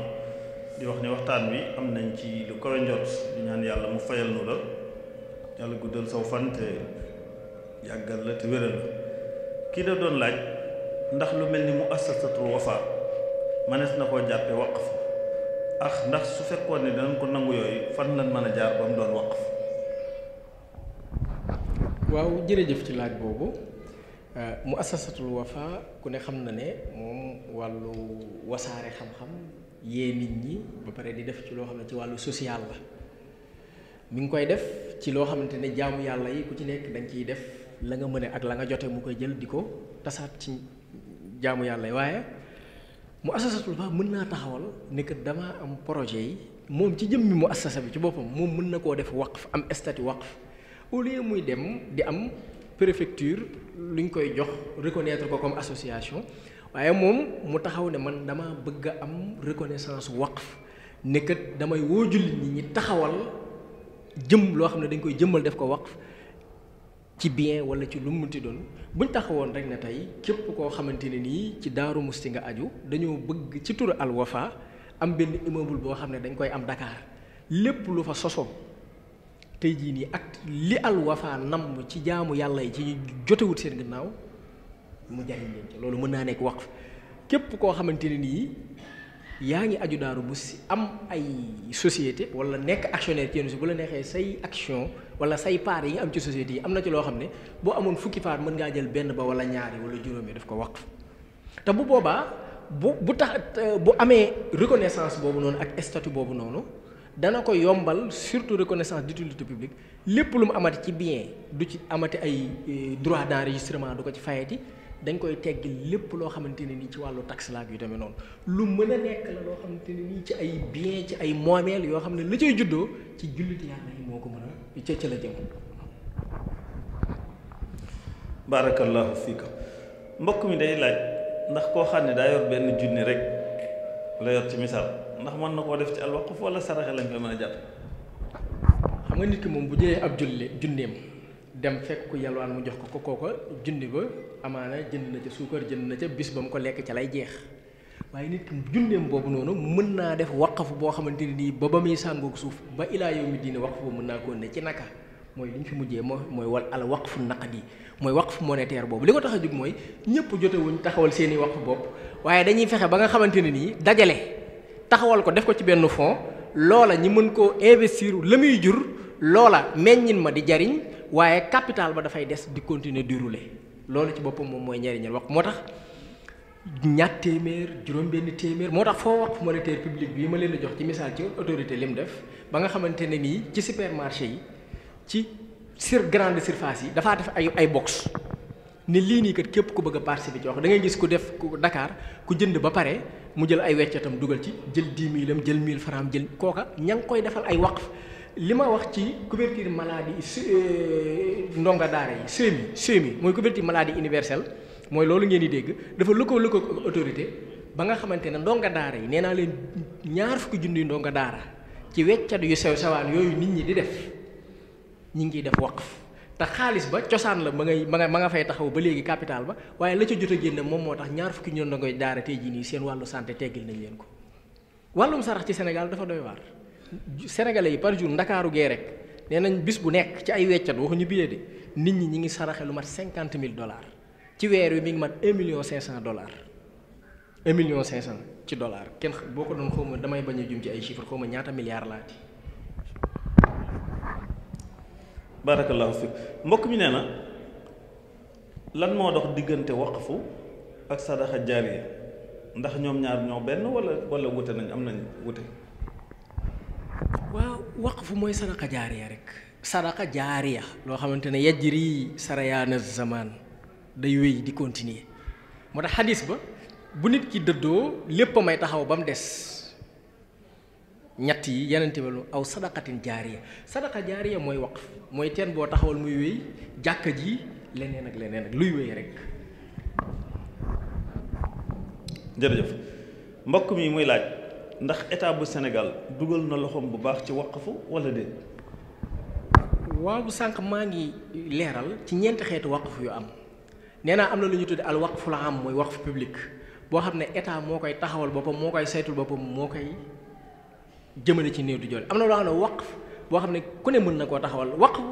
di wax ne waxtaan wi am nañ ci lu kawe njot di ñaan yàlla mu fayal nu la yàlla guddal saw fan te yàggal la te wéral la kii da doon laaj ndax lu mel ni mu assasatul wafa mënees na koo jàppe waqf ah ndax su fekkoon ne danañ ko nangu yooyu fan lañ mën a jaar ba mu doon waqf waaw jërëjëf ci laaj boobu euh, mu assasatul wafa ku ne xam na ne moom wàllu wasaare xam-xam yee nit ñi ba pare di def ci loo xam ne ci wàllu social la mu ngi koy def ci loo xamante ne jaamu yàlla yi ku ci nekk da nga ciy def la nga mëne ak la nga jote mu koy jël di ko tasaat ci jaamu yàlla yi waaye mu assasatul ba mën naa taxawal ne que damaa am projet yi moom ci jëmmi mu assasa bi ci boppam moom mën na koo def waqf am statut waqf au lieu muy dem di am préfecture luñ koy jox reconnaître ko comme association waaye moom mu taxaw ne man dama bëgg a am reconnaissance waqf ne kat damay woo jullit ñi ñi taxawal jëm loo xam ne dañ koy jëmmal def ko wax ci bien wala ci lu mu munti doon buñ taxawoon rek ne tey képp koo xamante ne nii ci Daaru Musti nga aju dañoo bëgg ci turu Al Wafa am benn immeuble boo xam ne dañ koy am Dakar lépp lu fa sosoom tey jii nii ak li Al Wafa namm ci jaamu yàlla yi ci jotewut seen ginnaaw mu jariñ leen ci loolu mën naa nekk waqf képp koo xamante ne nii yaa ngi aju daaru bu si am ay société wala nekk actionnaire ci yenn si bu la neexee say action wala say part yi nga am ci société yi am na ci loo xam ne boo amoon fukki part mën ngaa jël benn ba wala ñaari wala juróomi daf ko waqf te bu boobaa bu bu tax bu amee reconnaissance boobu noonu ak statut boobu noonu dana ko yombal surtout reconnaissance d'utilité publique lépp lu mu amati ci bien du ci amati ay eh, droit d'enregistrement du ko ci fayati dañ koy tegg lépp loo xamante ne nii ci wàllu taxe laak yu demee noonu lu mën a nekk la loo xamante ne ci ay bien ci ay moomeel yoo xam ne la cay juddoo ci jullit yàlla yi moo ko mën la jëm. barakallahu mi day laaj ndax koo xam ne daa yor benn junni rek la yor ci misaal ndax mën na koo def ci alwaqf wala saraxe lañ koy mën a jàpp. xam nga nit ki moom bu jëlee ab julli junneem dem fekk ku yalwaan mu jox ko ko kooka junni ba. amaana jënd na ca suukar jënd na ca bis ba mu ko lekk ca lay jeex waaye nit junneem boobu noonu mën naa def waqafu boo xamante ne nii ba ba muy sàngoog suuf ba ilaa yow mi diine waqafu mën naa koo ne ci naka mooy li ñu fi moo mooy wal al waqfu naqdi mooy waqfu monétaire boobu li ko tax a jóg mooy ñëpp jotewuñ taxawal seeni i waqfu bopp waaye dañuy fexe ba nga xamante ne nii dajale taxawal ko def ko ci benn fond loola ñi mën koo investir la muy jur loola meññin ma di jariñ waaye capital ba dafay des di continuer di loolu ci boppam moom mooy njariñal wax moo tax ñaat téeméer juróom-benn téeméer moo tax foo wax monétaire public bi ma leen jox ci misaal ci autorité lim def ba nga xamante ne nii ci supermarché yi ci sur grande surface yi dafaa def ay ay box ni lii nii kat képp ku bëgg a participer ci wax da ngay gis ku def ku dakaar ku jënd ba pare mu jël ay weccatam dugal ci jël 10 000 am jël mil francs jël kooka ña ngi koy defal ay waqf lima wax ci couverture maladie eh, ndonga daara yi semi semi moy couverture maladie universelle moy lolu ngeen di deg dafa loko lëkkoo ak autorité ba nga xamantene ndonga daara yi neena len ñaar fukki jundu ndonga daara ci weccat yu sew sewaan yoyu nit ñi di def ñi ngi def waqf ta ba ciosan la ma ngay ma nga fay taxaw ba legi capital ba waye la ci jotta genn mom motax ñaar fukki ñu ndonga daara tay ji ni seen walu santé teggil nañ len ko walum sarax ci Sénégal dafa doy war sénégalais yi par jour ndakaaru gee rek nee nañ bis bu nekk ci ay weccat waxuñu billet de nit ñi ñi ngi saraxe lu mat cinquante mille dollars ci weer wi mi ngi mat 1 million 500 dollars 1 million 500 ci dollars kenn boo ko doon xawma damay bañ a jum ci ay chiffre xawma ñaata milliard laa ci barakallahu fik mbokk mi nee na lan moo dox diggante waqfu ak sadaxa jaariya ndax ñoom ñaar ñoo benn wala wala wute nañ am nañ wute waaw fu mooy sadaqa jaariya rek sadaqa jaariya loo xamante ne yajri sarayaana zamaan day wéy di continuer moo tax xadis ba bu nit ki dëddoo lépp a may taxaw ba mu des ñett yi yeneen tamit aw sadaqatin jaariya sadaqa jaariya mooy waqf mooy teen boo taxawal muy wéy jàkka ji leneen ak leneen ak luy wéy rek. jërëjëf mbokk mi muy laaj. ndax état bu Sénégal duggal na loxom bu baax ci waqfu wala dé waaw bu sànq maa ngi léral ci ñent xéet waqfu yu am néna am na lu ñu al waqfu la am moy waqfu public bo xamné état mo koy taxawal bopam mo koy saytul bopam mo koy jëmale ci néew du joole am na waqf bo xamné ku ne mën na ko taxawal waqfu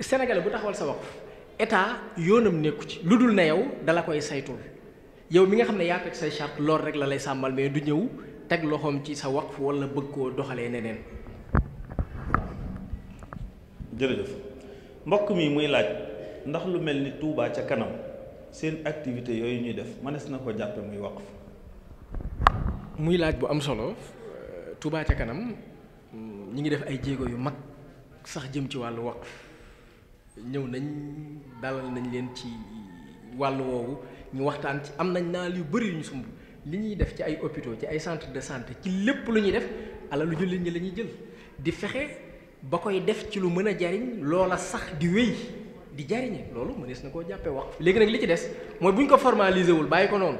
sénégalais bu taxawal sa waqf état yonam nekku ci lu ne yow dala koy saytul yow mi nga xamné ya tek say charte lor rek la lay sambal mais du ñew teg loxoom ci sa waqf wala bëgg koo doxalee neneen. jërëjëf mbokk mi muy laaj ndax lu mel ni tuubaa ca kanam seen activité yooyu ñuy def mënees na ko jàppe muy waqf. muy laaj bu am solo Touba ca kanam mm, ñi ngi def ay jéego yu mag sax jëm ci wàllu waqf ñëw nañ dalal nañ leen ci wàll woowu ñu waxtaan ci am na naal yu bari yu ñu sumb. li ñuy def ci ay hôpitaux ci ay centre de santé ci lépp lu ñuy def alalu jullit ñi la ñuy jël di fexe ba koy def ci lu mën a jariñ loola sax di wéy di jariñe loolu mënees na koo jàppee wax léegi nag li ci des mooy bu ñu ko formalisé wul bàyyi ko noonu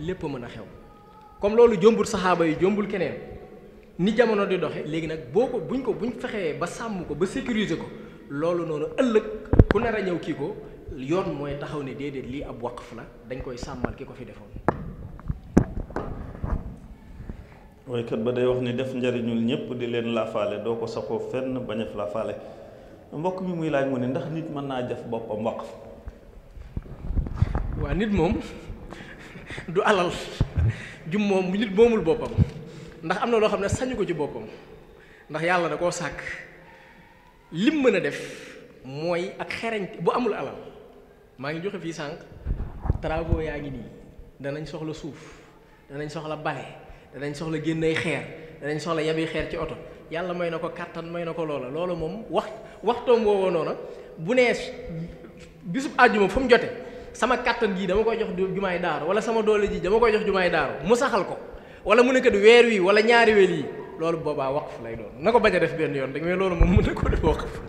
lépp mën a xew comme loolu jombul saxaaba yi jombul keneen ni jamono di doxe léegi nag boo ko buñ ko buñ fexee ba sàmm ko ba sécuriser ko loolu noonu ëllëg ku nar a ñëw kii ko yoon mooy taxaw ne déedéet lii ab waqf la dañ koy sàmmal ki ko fi defoon woykat ba day wax ni def njariñul ñëpp di leen laafaale doo ko saxoo fenn bañaf laafaale mbokk mi muy laaj mu ne ndax nit mën naa jaf boppam waqf waa nit moom du alal jum moom nit moomul boppam ndax am na loo xam ne sañu ko ci boppam ndax yàlla da koo sàkk lim mën def mooy ak xereñte bu amul alal maa ngi joxe fii sànq travaux yaa ngi danañ soxla suuf danañ soxla bale danañ soxla génnay xeer danañ soxla yabi xeer ci oto yàlla may na ko kàttan may na ko loola loolu moom wax waxtoom woowoo noona bu nee bisub àjjuma fu mu jote sama kàttan gii dama koy jox jumaay daaru wala sama doole ji dama koy jox jumaay daaru mu saxal ko wala mu ne kat weer wi wala ñaari weer yi loolu boobaa wax waqf lay doon na ko bañ a def benn yoon rek mais loolu moom mën na ko def waqf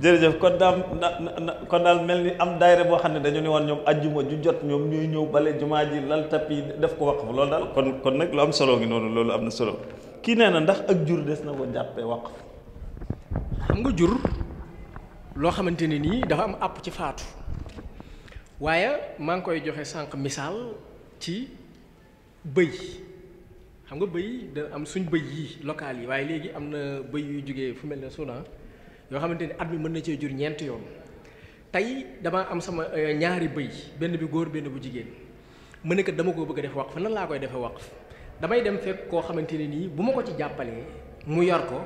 jërëjëf kon daam na na kon daal mel ni am daayira boo xam ne dañu ne woon ñoom ajjuma ju jot ñoom ñuy ñëw bale jumaa ji lal tapi def ko waqf loolu daal kon kon nag lu am solo ngi noonu loolu am na solo kii nee na ndax ak jur des na ko jàppee waqf xam nga jur loo xamante ne nii dafa am àpp ci faatu waaye maa ngi koy joxe sànq misaal ci bëy xam nga bëy dana am suñ bëy yi local yi waaye léegi am na bëy yuy jóge fu mel ne Soudan yoo xamante ni at mi mën na cee jur ñeenti yoon tey damaa am sama euh, ñaari bëy benn bi góor benn bu jigéen ma ne kat dama koo bëgg a def fa nan laa koy defee waqf damay dem fekk koo xamante ne nii bu ma ko ci jàppalee mu yar ko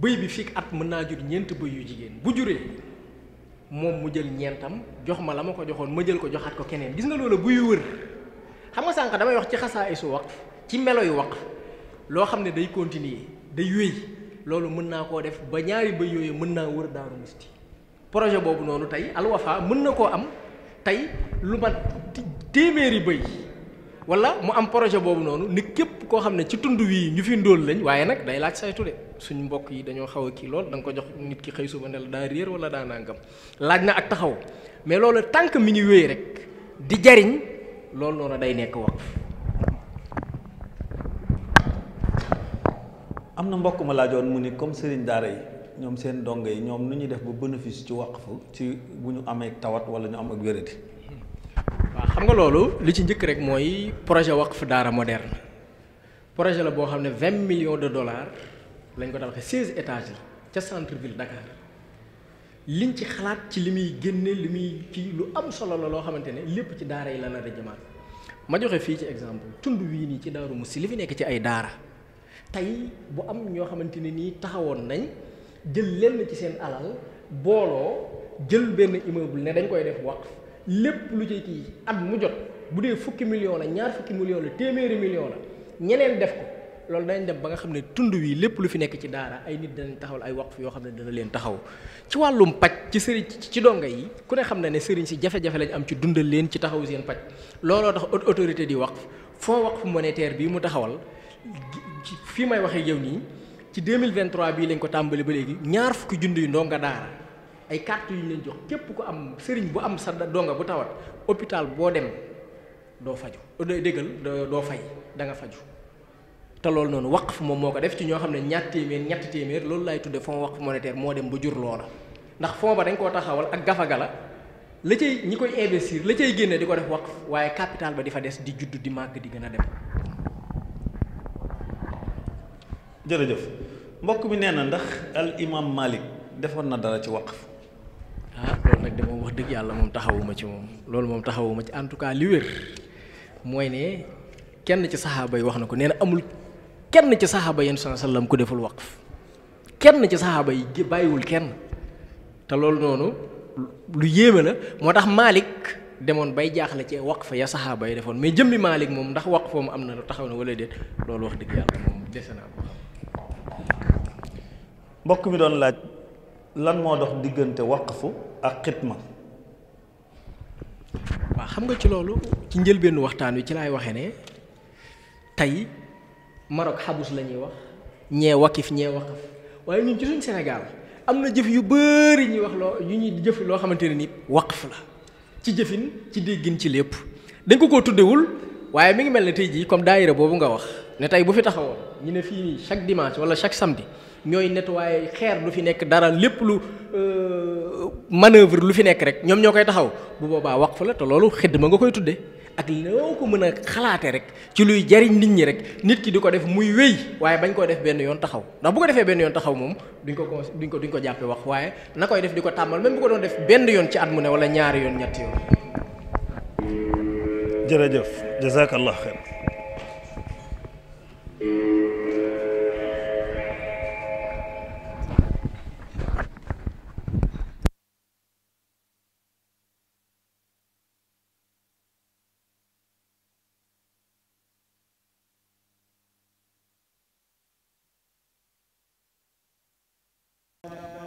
bëy bi fii at mën naa jur ñeent bëy yu jigéen bu juree moom mu jël ñeentam jox ma la ma ko joxoon ma jël ko joxaat ko keneen gis nga loolu buy wër xam nga sànq damay wax ci xasaa isu waqf ci melo yu waqf loo xam ne day continuer day wéy. loolu mën naa koo def ba ñaari bëy yooyu mën naa wër Daaru Musti projet boobu noonu tey Al Wafa mën na koo am tey lu ti téeméeri bëy wala mu am projet boobu noonu nit képp koo xam ne ci tund wii ñu fi ndóol lañ waaye nag day laaj saytu de suñu mbokk yi dañoo xaw kii lool da nga ko jox nit ki xëy suba ne la daa réer wala daa nangam laaj na ak taxaw mais loolu tànk mi ñu wéy rek di jariñ loolu noonu day nekk waqf am na mbokk ma laajoon mu ni comme sëriñ daara yi ñoom seen dongo yi ñoom nu ñuy def ba bénéfice ci fu ci bu ñu amee tawat wala ñu am ak wéradi waaw xam nga loolu li ci njëkk rek mooy projet waqfu daara moderne projet la boo xam ne vingt millions de dollars lañ ko tabaxee seize étages la ca centre ville Dakar liñ ci xalaat ci li muy génne li muy kii lu am solo la loo xamante ne lépp ci daara yi la nar a ma joxe fii ci exemple tund wii nii ci daaru Musi li fi nekk ci ay daara. tey bu am ñoo xamante ne nii taxawoon nañ jël lenn ci seen alal booloo jël benn immeuble ne dañ koy def waqf lépp lu ci kii at mu jot bu dee fukki million la ñaar fukki million la téeméeri million la ñeneen def ko loolu dañ dem ba nga xam ne tund wi lépp lu fi nekk ci daara ay nit dañ taxawal ay waqf yoo xam ne dina leen taxaw ci wàllum paj ci sëriñ ci donga yi ku ne xam na ne sëriñ si jafe-jafe lañ am ci dundal leen ci taxawu seen paj looloo tax autorité di waqf fonds waqf monétaire bii mu taxawal ci fii may waxee yow nii ci 2023 bii lañ ko tàmbali ba léegi ñaar fukki junni yu ndonga daara ay carte yu ñu leen jox képp ko am sëriñ bu am sa donga bu tawat hôpital boo dem doo faju oh, déggal doo fay da nga faju te loolu noonu waqf moom moo ko def ci ñoo xam ne ñaar téeméer ñetti téeméer loolu laay tudde fonds waqf monétaire moo dem ba jur loola ndax fond ba dañ koo taxawal ak gafaga la la cay ñi koy investir la cay génne di ko def waqf waaye capital ba di fa des di judd di màgg di gën a dem jërëjëf mbokk mi nee na ndax al imam Malik defoon na dara ci waqf ah loolu nag de wax dëgg yàlla moom taxawuma ci moom loolu moom taxawuma ci en tout cas li wér mooy ne kenn ci saxaaba yi wax na ko nee na amul kenn ci saxaaba yi sallallahu alayhi wasallam ku deful waqf kenn ci saxaaba yi bàyyiwul kenn te loolu noonu lu yéeme la moo tax Malik demoon bay jaaxle ci waqfa ya saxaaba yi defoon mais jëmmi maalik moom ndax waqfa mu am na taxaw na wala déet loolu wax dëgg yàlla moom dese naa ko mbokk mi doon laaj lan moo dox diggante waqfu ak ma waa xam nga ci loolu ci njëlbeenu waxtaan wi ci laay waxee ne tey Maroc xabus la ñuy wax ñee wakif ñee waqaf waaye ñun ci suñ Sénégal am na jëf yu bëri ñuy wax loo yu ñuy jëf loo xamante ne ni waqf la ci jëfin ci déggin ci lépp dañ ko koo tuddewul waaye mi ngi mel ne tey jii comme daayira boobu nga wax ne tey bu fi taxawoon ñu ne fii nii chaque dimanche wala chaque samedi ñooy waaye xeer du fi nekk dara lépp lu euh, manœuvre lu fi nekk rek ñoom ñoo koy taxaw bu boobaa waqf la te loolu xëdd ma nga koy tudde ak loo ko mën a xalaate rek ci luy jariñ nit ñi rek nit ki di ko def muy wéy waaye bañ koo def benn yoon taxaw ndax bu ko defee benn yoon taxaw moom duñ ko duñ ko duñ ko jàppe wax waaye na koy def di ko tàmmal même bu ko doon def benn yoon ci at mu ne wala ñaari yoon ñetti yoon jërëjëf jazakallah xeer